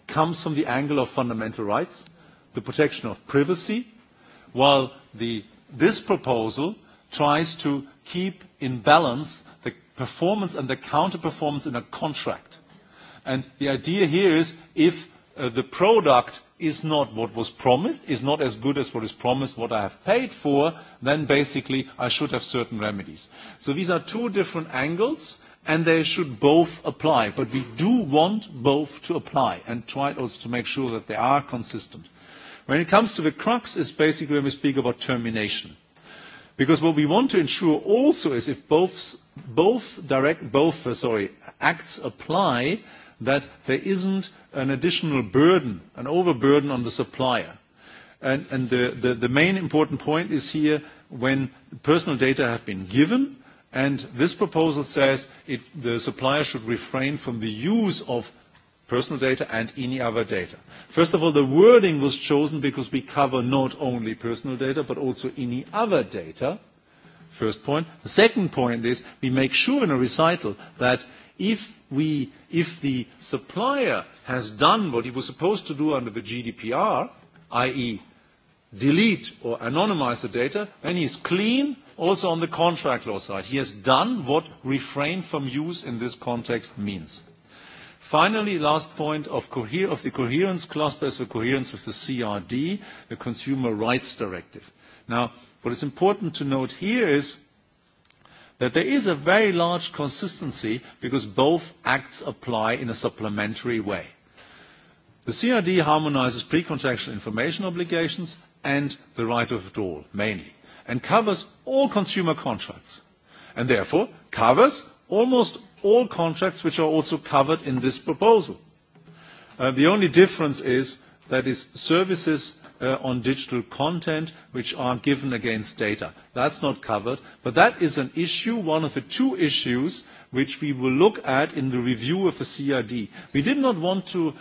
[SPEAKER 3] comes from the angle of fundamental rights, the protection of privacy, while the, this proposal tries to keep in balance the performance and the counter-performance in a contract. And the idea here is if uh, the product is not what was promised, is not as good as what is promised, what I have paid for, then basically I should have certain remedies. So these are two different angles and they should both apply. But we do want both to apply and try also to make sure that they are consistent. When it comes to the crux, it's basically when we speak about termination. Because what we want to ensure also is if both, both, direct, both uh, sorry, acts apply, that there isn't an additional burden, an overburden on the supplier. And, and the, the, the main important point is here when personal data have been given, and this proposal says it, the supplier should refrain from the use of personal data and any other data. First of all, the wording was chosen because we cover not only personal data, but also any other data. First point. The second point is we make sure in a recital that if, we, if the supplier has done what he was supposed to do under the GDPR, i.e. delete or anonymize the data, then he is clean also on the contract law side. He has done what refrain from use in this context means. Finally, last point of, coher of the coherence cluster is the coherence with the CRD, the Consumer Rights Directive. Now, what is important to note here is that there is a very large consistency because both acts apply in a supplementary way. The CRD harmonizes pre-contractual information obligations and the right of withdrawal mainly and covers all consumer contracts and therefore covers almost all contracts which are also covered in this proposal. Uh, the only difference is that is services uh, on digital content which are given against data. That's not covered, but that is an issue, one of the two issues which we will look at in the review of the CRD. We did not want to uh,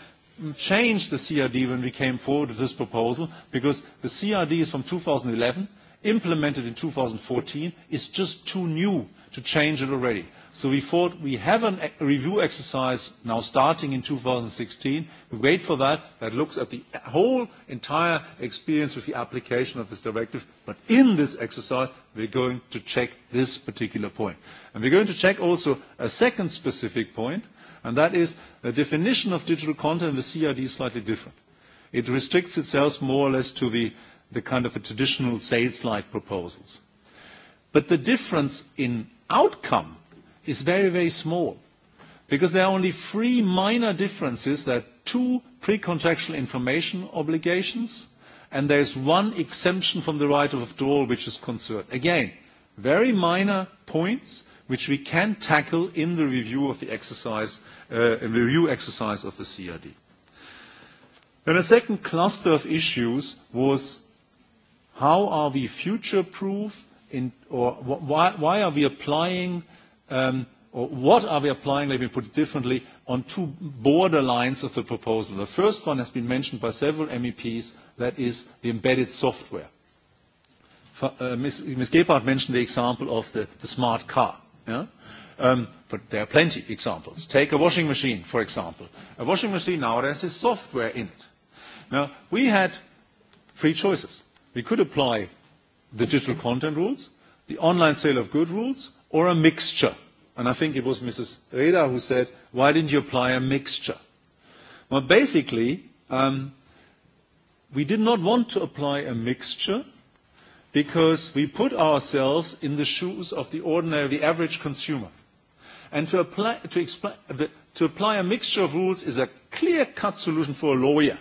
[SPEAKER 3] change the CRD when we came forward with this proposal because the CRD is from 2011, implemented in 2014, is just too new to change it already. So we thought we have a review exercise now starting in 2016. We wait for that. That looks at the whole entire experience with the application of this directive. But in this exercise, we're going to check this particular point. And we're going to check also a second specific point, uh, And that is a definition of digital content, the CRD is slightly different. It restricts itself more or less to the, the kind of a traditional sales-like proposals. But the difference in outcome is very, very small because there are only three minor differences. There are two pre-contractual information obligations and there is one exemption from the right of withdrawal which is concerned. Again, very minor points which we can tackle in the review of the exercise Uh, a review exercise of the CRD. Then a second cluster of issues was how are we future proof in, or wh- why, why are we applying um, or what are we applying, let me put it differently, on two borderlines of the proposal. The first one has been mentioned by several MEPs, that is the embedded software. For, uh, Ms. Ms. Gebhardt mentioned the example of the, the smart car. Yeah? Um, but there are plenty of examples. Take a washing machine, for example. A washing machine nowadays has software in it. Now, we had three choices. We could apply the digital content rules, the online sale of good rules, or a mixture. And I think it was Mrs. Reda who said, why didn't you apply a mixture? Well, basically, um, we did not want to apply a mixture because we put ourselves in the shoes of the ordinary, the average consumer. And to apply, to, the, to apply a mixture of rules is a clear-cut solution for a lawyer.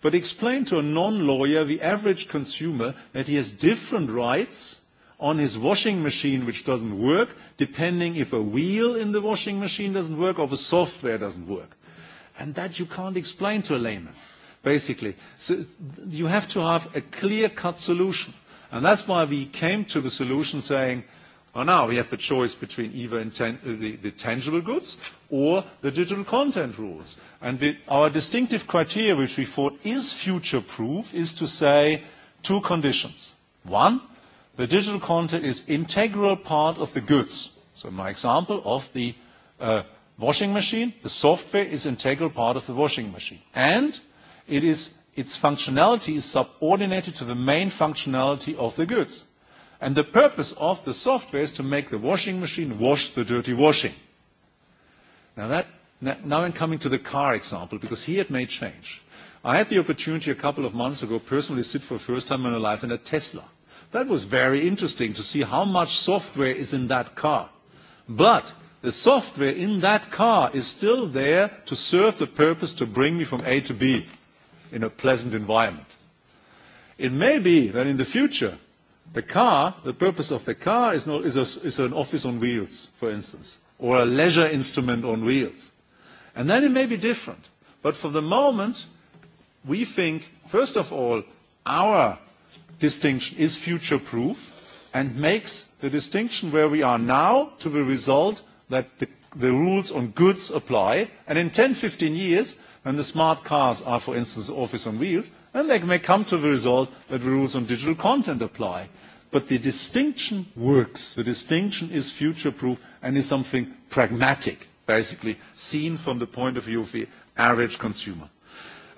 [SPEAKER 3] But explain to a non-lawyer, the average consumer, that he has different rights on his washing machine which doesn't work, depending if a wheel in the washing machine doesn't work or the software doesn't work. And that you can't explain to a layman, basically. So you have to have a clear-cut solution. And that's why we came to the solution saying, Well, now we have the choice between either inten- uh, the, the tangible goods or the digital content rules. And the, our distinctive criteria, which we thought is future proof, is to say two conditions. One, the digital content is integral part of the goods. So, my example of the uh, washing machine, the software is integral part of the washing machine. And it is, its functionality is subordinated to the main functionality of the goods. And the purpose of the software is to make the washing machine wash the dirty washing. Now, that, now I'm coming to the car example, because here it may change. I had the opportunity a couple of months ago personally sit for the first time in my life in a Tesla. That was very interesting to see how much software is in that car. But the software in that car is still there to serve the purpose to bring me from A to B in a pleasant environment. It may be that in the future, The car, the purpose of the car is, not, is, a, is an office on wheels, for instance, or a leisure instrument on wheels. And then it may be different. But for the moment, we think, first of all, our distinction is future-proof and makes the distinction where we are now to the result that the, the rules on goods apply. And in 10, 15 years, when the smart cars are, for instance, office on wheels, And they may come to the result that the rules on digital content apply. But the distinction works. The distinction is future-proof and is something pragmatic, basically, seen from the point of view of the average consumer.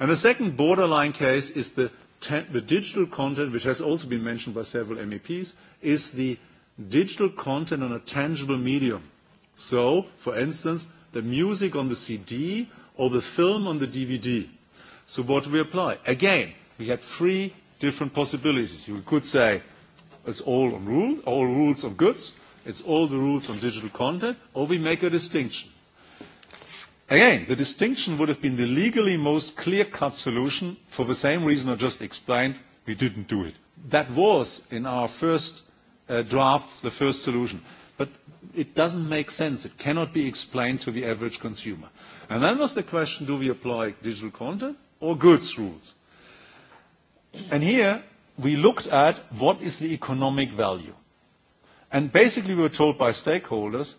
[SPEAKER 3] And the second borderline case is the, ten- the digital content, which has also been mentioned by several MEPs, is the digital content on a tangible medium. So, for instance, the music on the CD or the film on the DVD. So what do we apply? Again, we have three different possibilities. You could say it's all on rule, all rules on goods, it's all the rules on digital content, or we make a distinction. Again, the distinction would have been the legally most clear-cut solution for the same reason I just explained, we didn't do it. That was, in our first uh, drafts, the first solution. But it doesn't make sense. It cannot be explained to the average consumer. And then was the question, do we apply digital content or goods rules. Here we looked at what is the economic value. Basically, we were told by stakeholders,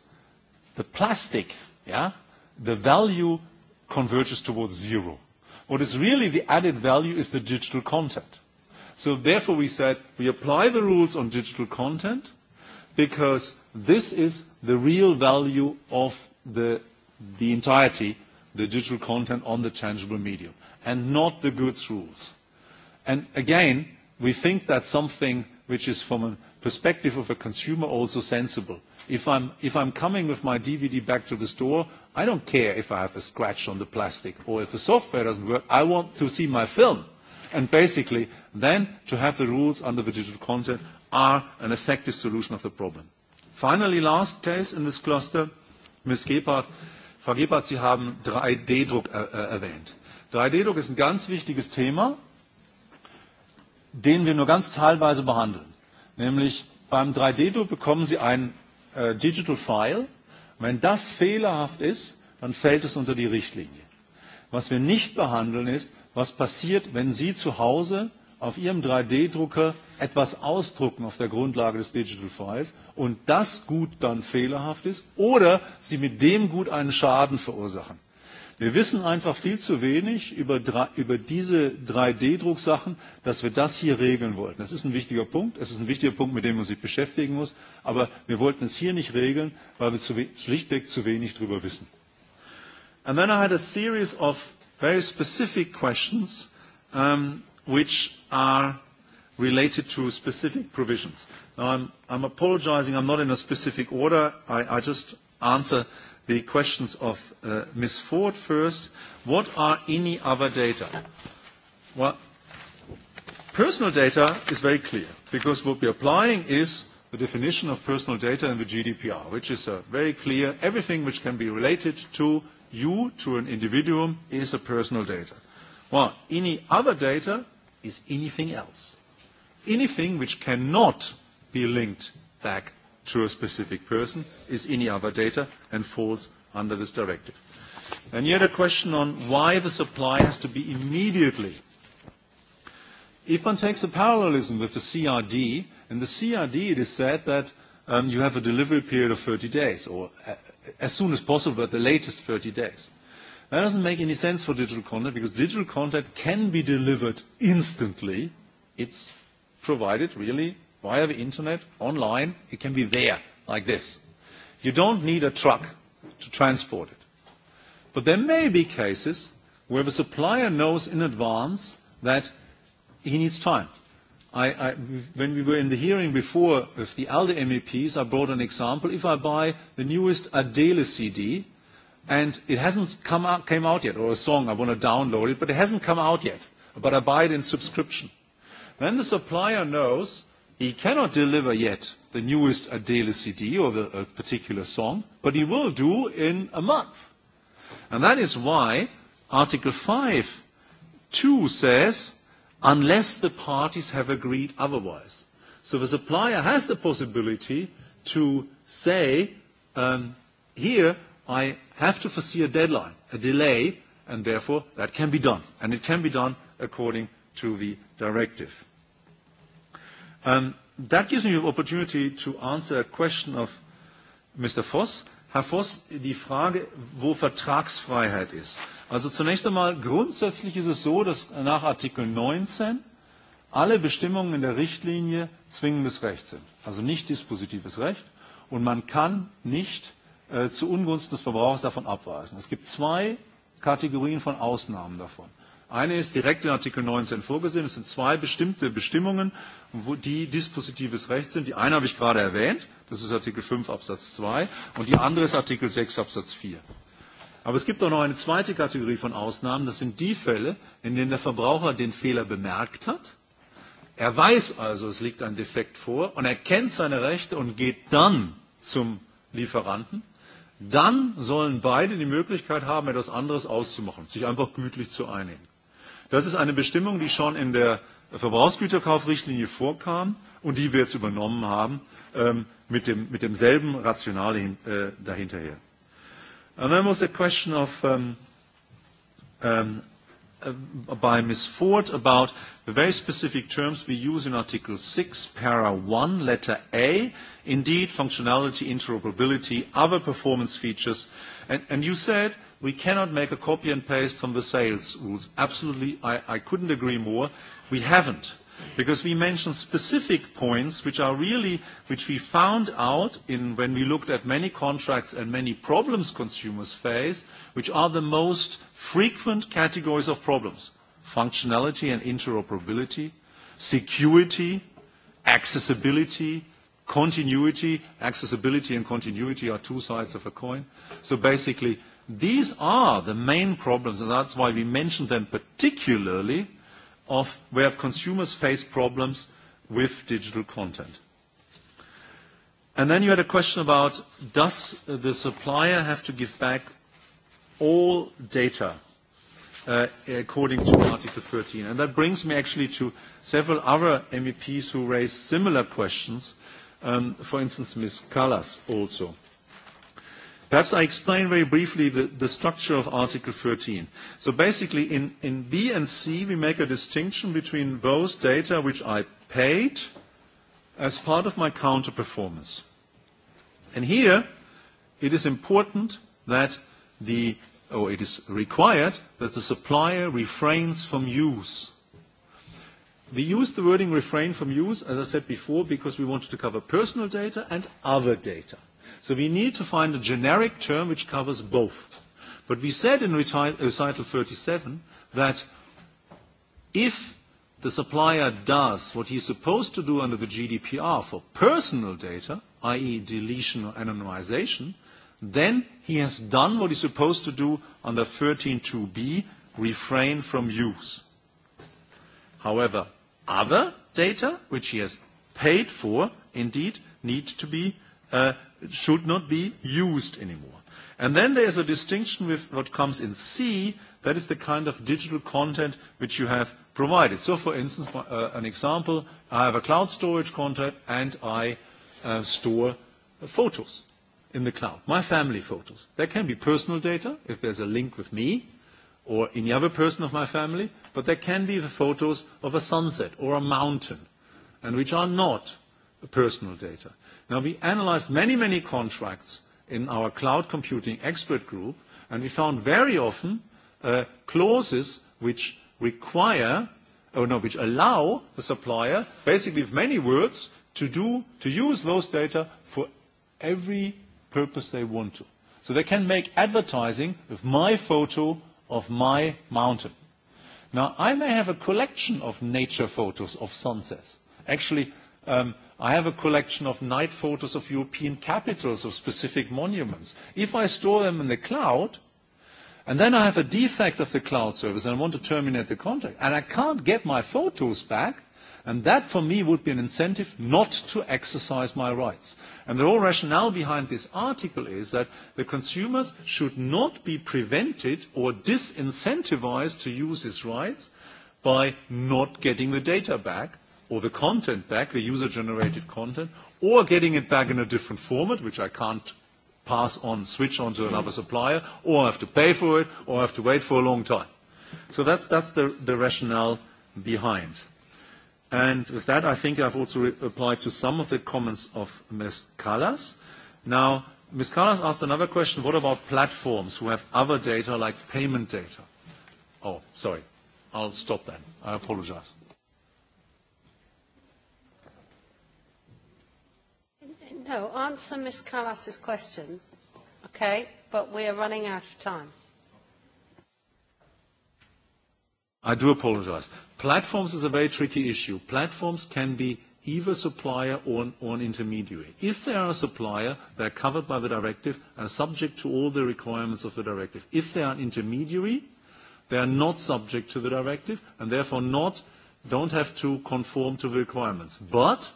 [SPEAKER 3] the plastic, yeah, the value converges towards zero. What is really the added value is the digital content. Therefore, we said we apply the rules on digital content because this is the real value of the entirety the digital content on the tangible medium and not the goods rules. And again, we think that's something which is from a perspective of a consumer also sensible. If I'm, if I'm coming with my DVD back to the store, I don't care if I have a scratch on the plastic or if the software doesn't work. I want to see my film. And basically, then to have the rules under the digital content are an effective solution of the problem. Finally, last case in this cluster, Ms. Gebhardt. Frau Gebhardt, Sie haben 3D-Druck äh, er, er, erwähnt. 3D-Druck ist ein ganz wichtiges Thema, den wir nur ganz teilweise behandeln. Nämlich beim 3D-Druck bekommen Sie ein äh, Digital File. Wenn das fehlerhaft ist, dann fällt es unter die Richtlinie. Was wir nicht behandeln ist, was passiert, wenn Sie zu Hause auf Ihrem 3D-Drucker etwas ausdrucken auf der Grundlage des Digital Files und das Gut dann fehlerhaft ist oder sie mit dem Gut einen Schaden verursachen. Wir wissen einfach viel zu wenig über, über diese 3D-Drucksachen, dass wir das hier regeln wollten. Das ist ein wichtiger Punkt, es ist ein wichtiger Punkt, mit dem man sich beschäftigen muss, aber wir wollten es hier nicht regeln, weil wir zu schlichtweg zu wenig darüber wissen. And then I had a series of very specific questions, um, which are related to specific provisions. Now, I'm, I'm apologizing, I'm not in a specific order. I, I just answer the questions of uh, Ms. Ford first. What are any other data? Well, personal data is very clear because what we're applying is the definition of personal data in the GDPR, which is a uh, very clear everything which can be related to you, to an individual, is a personal data. Well, any other data is anything else. Anything which cannot be linked back to a specific person is any other data and falls under this directive. And yet a question on why the supply has to be immediately. If one takes a parallelism with the CRD, in the CRD it is said that um, you have a delivery period of 30 days, or uh, as soon as possible, but the latest 30 days. That doesn't make any sense for digital content because digital content can be delivered instantly. It's provided really via the internet, online, it can be there, like this. You don't need a truck to transport it. But there may be cases where the supplier knows in advance that he needs time. I, I, when we were in the hearing before of the ALDE MEPs, I brought an example. If I buy the newest Adele CD, and it hasn't come out, came out yet, or a song, I want to download it, but it hasn't come out yet, but I buy it in subscription, then the supplier knows He cannot deliver yet the newest Adele CD or the, a particular song, but he will do in a month. And that is why Article 5 2 says, unless the parties have agreed otherwise. So the supplier has the possibility to say, um, here I have to foresee a deadline, a delay, and therefore that can be done. And it can be done according to the directive. Um, that gives me an opportunity to answer a question of Mr. Voss. Herr Voss, die Frage, wo Vertragsfreiheit ist. Also zunächst einmal, grundsätzlich ist es so, dass nach Artikel 19 alle Bestimmungen in der Richtlinie zwingendes Recht sind, also nicht dispositives Recht. Und man kann nicht äh, zu Ungunsten des Verbrauchers davon abweisen. Es gibt zwei Kategorien von Ausnahmen davon. Eine ist direkt in Artikel 19 vorgesehen. Es sind zwei bestimmte Bestimmungen, wo die dispositives Recht sind. Die eine habe ich gerade erwähnt, das ist Artikel 5 Absatz 2 und die andere ist Artikel 6 Absatz 4. Aber es gibt auch noch eine zweite Kategorie von Ausnahmen, das sind die Fälle, in denen der Verbraucher den Fehler bemerkt hat. Er weiß also, es liegt ein Defekt vor und er kennt seine Rechte und geht dann zum Lieferanten. Dann sollen beide die Möglichkeit haben, etwas anderes auszumachen, sich einfach gütlich zu einigen. Das ist eine Bestimmung, die schon in der äh, Verbrauchsgüterkaufrichtlinie vorkam und die wir jetzt übernommen haben, ähm, mit, dem, mit demselben Rationale äh, dahinterher. And then was a question of um, um, uh, by Ms. Ford about the very specific terms we use in Article 6, Para 1, Letter A, indeed, functionality, interoperability, other performance features. And, and you said we cannot make a copy and paste from the sales rules. Absolutely, I, I couldn't agree more. We haven't. Because we mentioned specific points which are really, which we found out in when we looked at many contracts and many problems consumers face, which are the most frequent categories of problems. Functionality and interoperability, security, accessibility, continuity. Accessibility and continuity are two sides of a coin. So basically, These are the main problems, and that's why we mentioned them particularly, of where consumers face problems with digital content. And then you had a question about, does the supplier have to give back all data uh, according to Article 13? And that brings me actually to several other MEPs who raised similar questions, um, for instance, Ms. Callas also. Perhaps I explain very briefly the, the structure of Article 13. So basically, in, in B and C, we make a distinction between those data which I paid as part of my counter performance. And here, it is important that the, or it is required that the supplier refrains from use. We use the wording refrain from use, as I said before, because we wanted to cover personal data and other data. So we need to find a generic term which covers both. But we said in recital 37 that if the supplier does what he's supposed to do under the GDPR for personal data, i.e. deletion or anonymization, then he has done what he's supposed to do under 13.2b, refrain from use. However, other data which he has paid for, indeed, need to be uh, should not be used anymore. And then there's a distinction with what comes in C, that is the kind of digital content which you have provided. So for instance, my, uh, an example, I have a cloud storage content and I uh, store photos in the cloud, my family photos. There can be personal data if there's a link with me or any other person of my family, but there can be the photos of a sunset or a mountain and which are not personal data. Now, we analyzed many, many contracts in our cloud computing expert group, and we found very often uh, clauses which require, or oh, no, which allow the supplier, basically with many words, to use those data for every purpose they want to. So they can make advertising with my photo of my mountain. Now, I may have a collection of nature photos of sunsets. Actually, um, I have a collection of night photos of European capitals of specific monuments. If I store them in the cloud, and then I have a defect of the cloud service and I want to terminate the contract, and I can't get my photos back, and that for me would be an incentive not to exercise my rights. And the whole rationale behind this article is that the consumers should not be prevented or disincentivized to use these rights by not getting the data back or the content back, the user-generated content, or getting it back in a different format, which I can't pass on, switch on to another supplier, or I have to pay for it, or I have to wait for a long time. So that's, that's the, the rationale behind. And with that, I think I've also re- applied to some of the comments of Ms. Callas. Now, Ms. Callas asked another question. What about platforms who have other data like payment data? Oh, sorry. I'll stop then. I apologize.
[SPEAKER 2] no, answer Ms. Callas's question, okay, but we are running out of time.
[SPEAKER 3] I do apologize. Platforms is a very tricky issue. Platforms can be either supplier or an, or an intermediary. If they are a supplier, they are covered by the directive and subject to all the requirements of the directive. If they are an intermediary, they are not subject to the directive and therefore not, don't have to conform to the requirements. But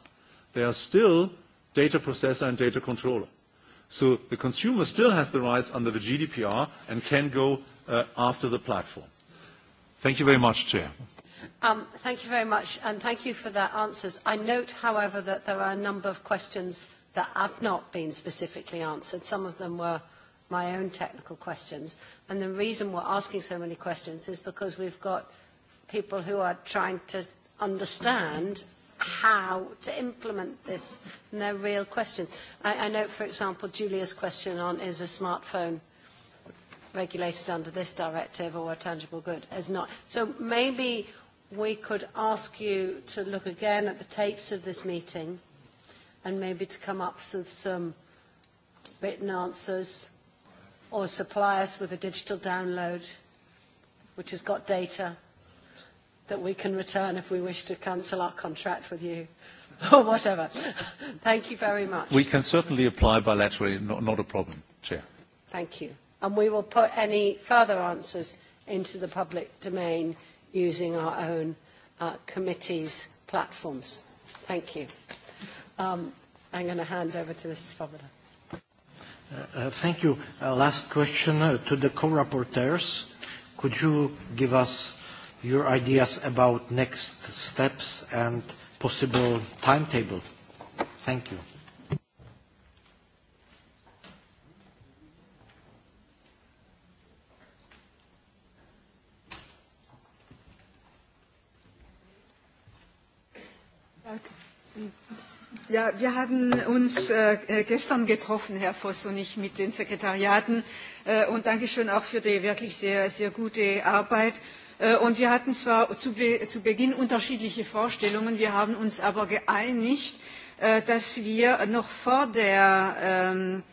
[SPEAKER 3] they are still data processor and data controller. So the consumer still has the rights under the GDPR and can go uh, after the platform. Thank you very much, Chair.
[SPEAKER 2] Um, thank you very much, and thank you for that answers. I note, however, that there are a number of questions that have not been specifically answered. Some of them were my own technical questions. And the reason we're asking so many questions is because we've got people who are trying to understand how to implement this. No real question. I, I note, for example, Julia's question on is a smartphone regulated under this directive or a tangible good is not. So maybe we could ask you to look again at the tapes of this meeting and maybe to come up with some written answers or supply us with a digital download which has got data that we can return if we wish to cancel our contract with you *laughs* or whatever. *laughs* Thank you very much. We
[SPEAKER 3] can certainly apply bilaterally, not, not a problem, Chair.
[SPEAKER 2] Thank you. And we will put any further answers into the public domain using our own uh, committee's platforms. Thank you. Um, I'm going to hand over to Mr. Svoboda. Uh,
[SPEAKER 1] uh, thank you. Uh, last question uh, to the co-rapporteurs. Could you give us your ideas about next steps and possible timetable. Thank you.
[SPEAKER 5] Ja, wir haben uns äh, äh gestern getroffen, Herr Voss und ich, mit den Sekretariaten. Äh, und Dankeschön auch für die wirklich sehr, sehr gute Arbeit. Äh, und wir hatten zwar zu, Be zu Beginn unterschiedliche Vorstellungen, wir haben uns aber geeinigt, äh, dass wir noch vor der ähm,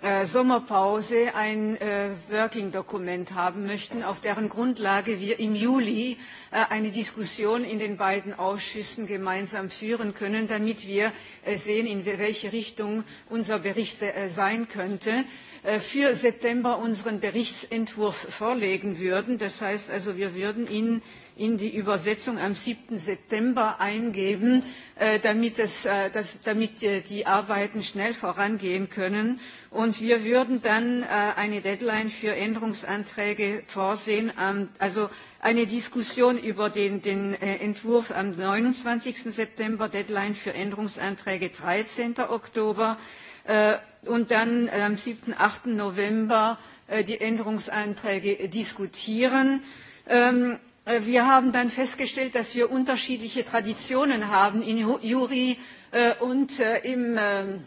[SPEAKER 5] äh, Sommerpause ein äh, Working-Dokument haben möchten, auf deren Grundlage wir im Juli äh, eine Diskussion in den beiden Ausschüssen gemeinsam führen können, damit wir äh, sehen, in welche Richtung unser Bericht äh, sein könnte. Äh, für September unseren Berichtsentwurf vorlegen würden. Das heißt also, wir würden ihn in die Übersetzung am 7. September eingeben, äh, damit, es, äh, dass, damit die Arbeiten schnell vorangehen können. Und wir würden dann eine Deadline für Änderungsanträge vorsehen, also eine Diskussion über den, den Entwurf am 29. September, Deadline für Änderungsanträge 13. Oktober. Äh, und dann am 7. 8. November äh, die Änderungsanträge diskutieren. Ähm, äh, wir haben dann festgestellt, dass wir unterschiedliche Traditionen haben in Juri und im, ähm,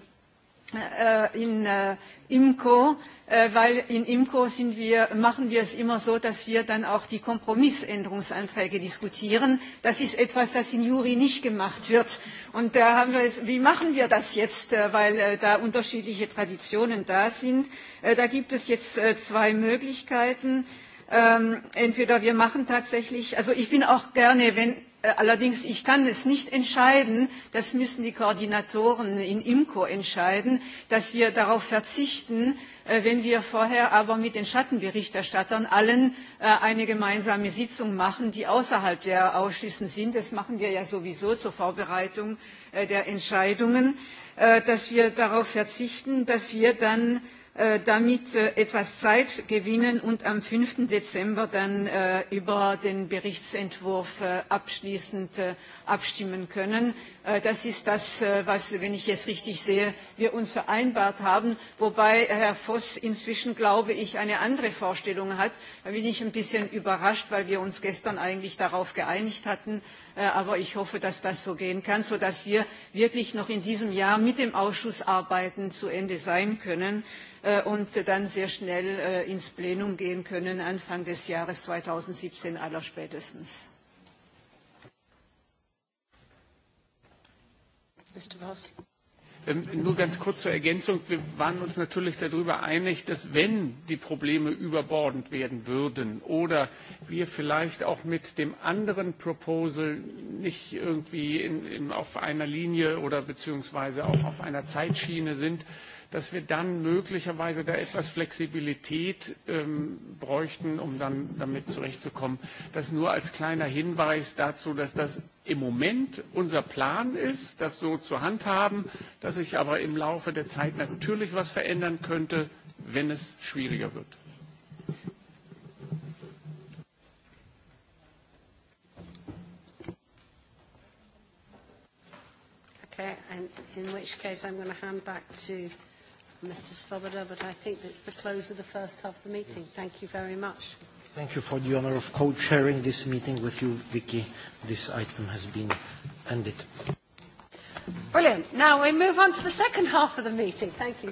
[SPEAKER 5] äh, in äh, IMCO, äh, weil in IMCO sind wir, machen wir es immer so, dass wir dann auch die Kompromissänderungsanträge diskutieren. Das ist etwas, das in Juri nicht gemacht wird. Und da haben wir es, wie machen wir das jetzt, äh, weil äh, da unterschiedliche Traditionen da sind. Äh, da gibt es jetzt äh, zwei Möglichkeiten. Ähm, entweder wir machen tatsächlich, also ich bin auch gerne, wenn Äh, allerdings, ich kann es nicht entscheiden, das müssen die Koordinatoren in IMCO entscheiden, dass wir darauf verzichten, äh, wenn wir vorher aber mit den Schattenberichterstattern allen äh, eine gemeinsame Sitzung machen, die außerhalb der Ausschüsse sind. Das machen wir ja sowieso zur Vorbereitung der Entscheidungen, dass wir darauf verzichten, dass wir dann Äh, damit äh, etwas Zeit gewinnen und am 5. Dezember dann äh, über den Berichtsentwurf abschließend abstimmen können. Äh, das ist das äh, was wenn ich es richtig sehe wir uns vereinbart haben wobei herr voss inzwischen glaube ich eine andere vorstellung hat. da bin ich ein bisschen überrascht weil wir uns gestern eigentlich darauf geeinigt hatten. Äh, aber ich hoffe dass das so gehen kann sodass wir wirklich noch in diesem jahr mit dem ausschussarbeiten zu ende sein können und dann sehr schnell ins plenum gehen können anfang des jahres zweitausendsiebzehn allerspätestens.
[SPEAKER 4] Mr. Voss. Ähm, nur ganz kurz zur Ergänzung. Wir waren uns natürlich darüber einig, dass wenn die Probleme überbordend werden würden oder wir vielleicht auch mit dem anderen Proposal nicht irgendwie in, in, auf einer Linie oder beziehungsweise auch auf einer Zeitschiene sind, äh, dass wir dann möglicherweise da etwas Flexibilität ähm, bräuchten, um dann damit zurechtzukommen. Das nur als kleiner Hinweis dazu, dass das im Moment unser Plan ist, das so zu handhaben, dass sich aber im Laufe der Zeit natürlich was verändern könnte, wenn es schwieriger wird.
[SPEAKER 2] Okay, and in which case I'm going to hand back to Mr. Svoboda, but I think it's the close of the first half of the meeting. Yes. Thank you very much.
[SPEAKER 1] Thank you for the honor of co-chairing this meeting with you, Vicky. This item has been ended.
[SPEAKER 2] Brilliant. Now we move on to the second half of the meeting. Thank you.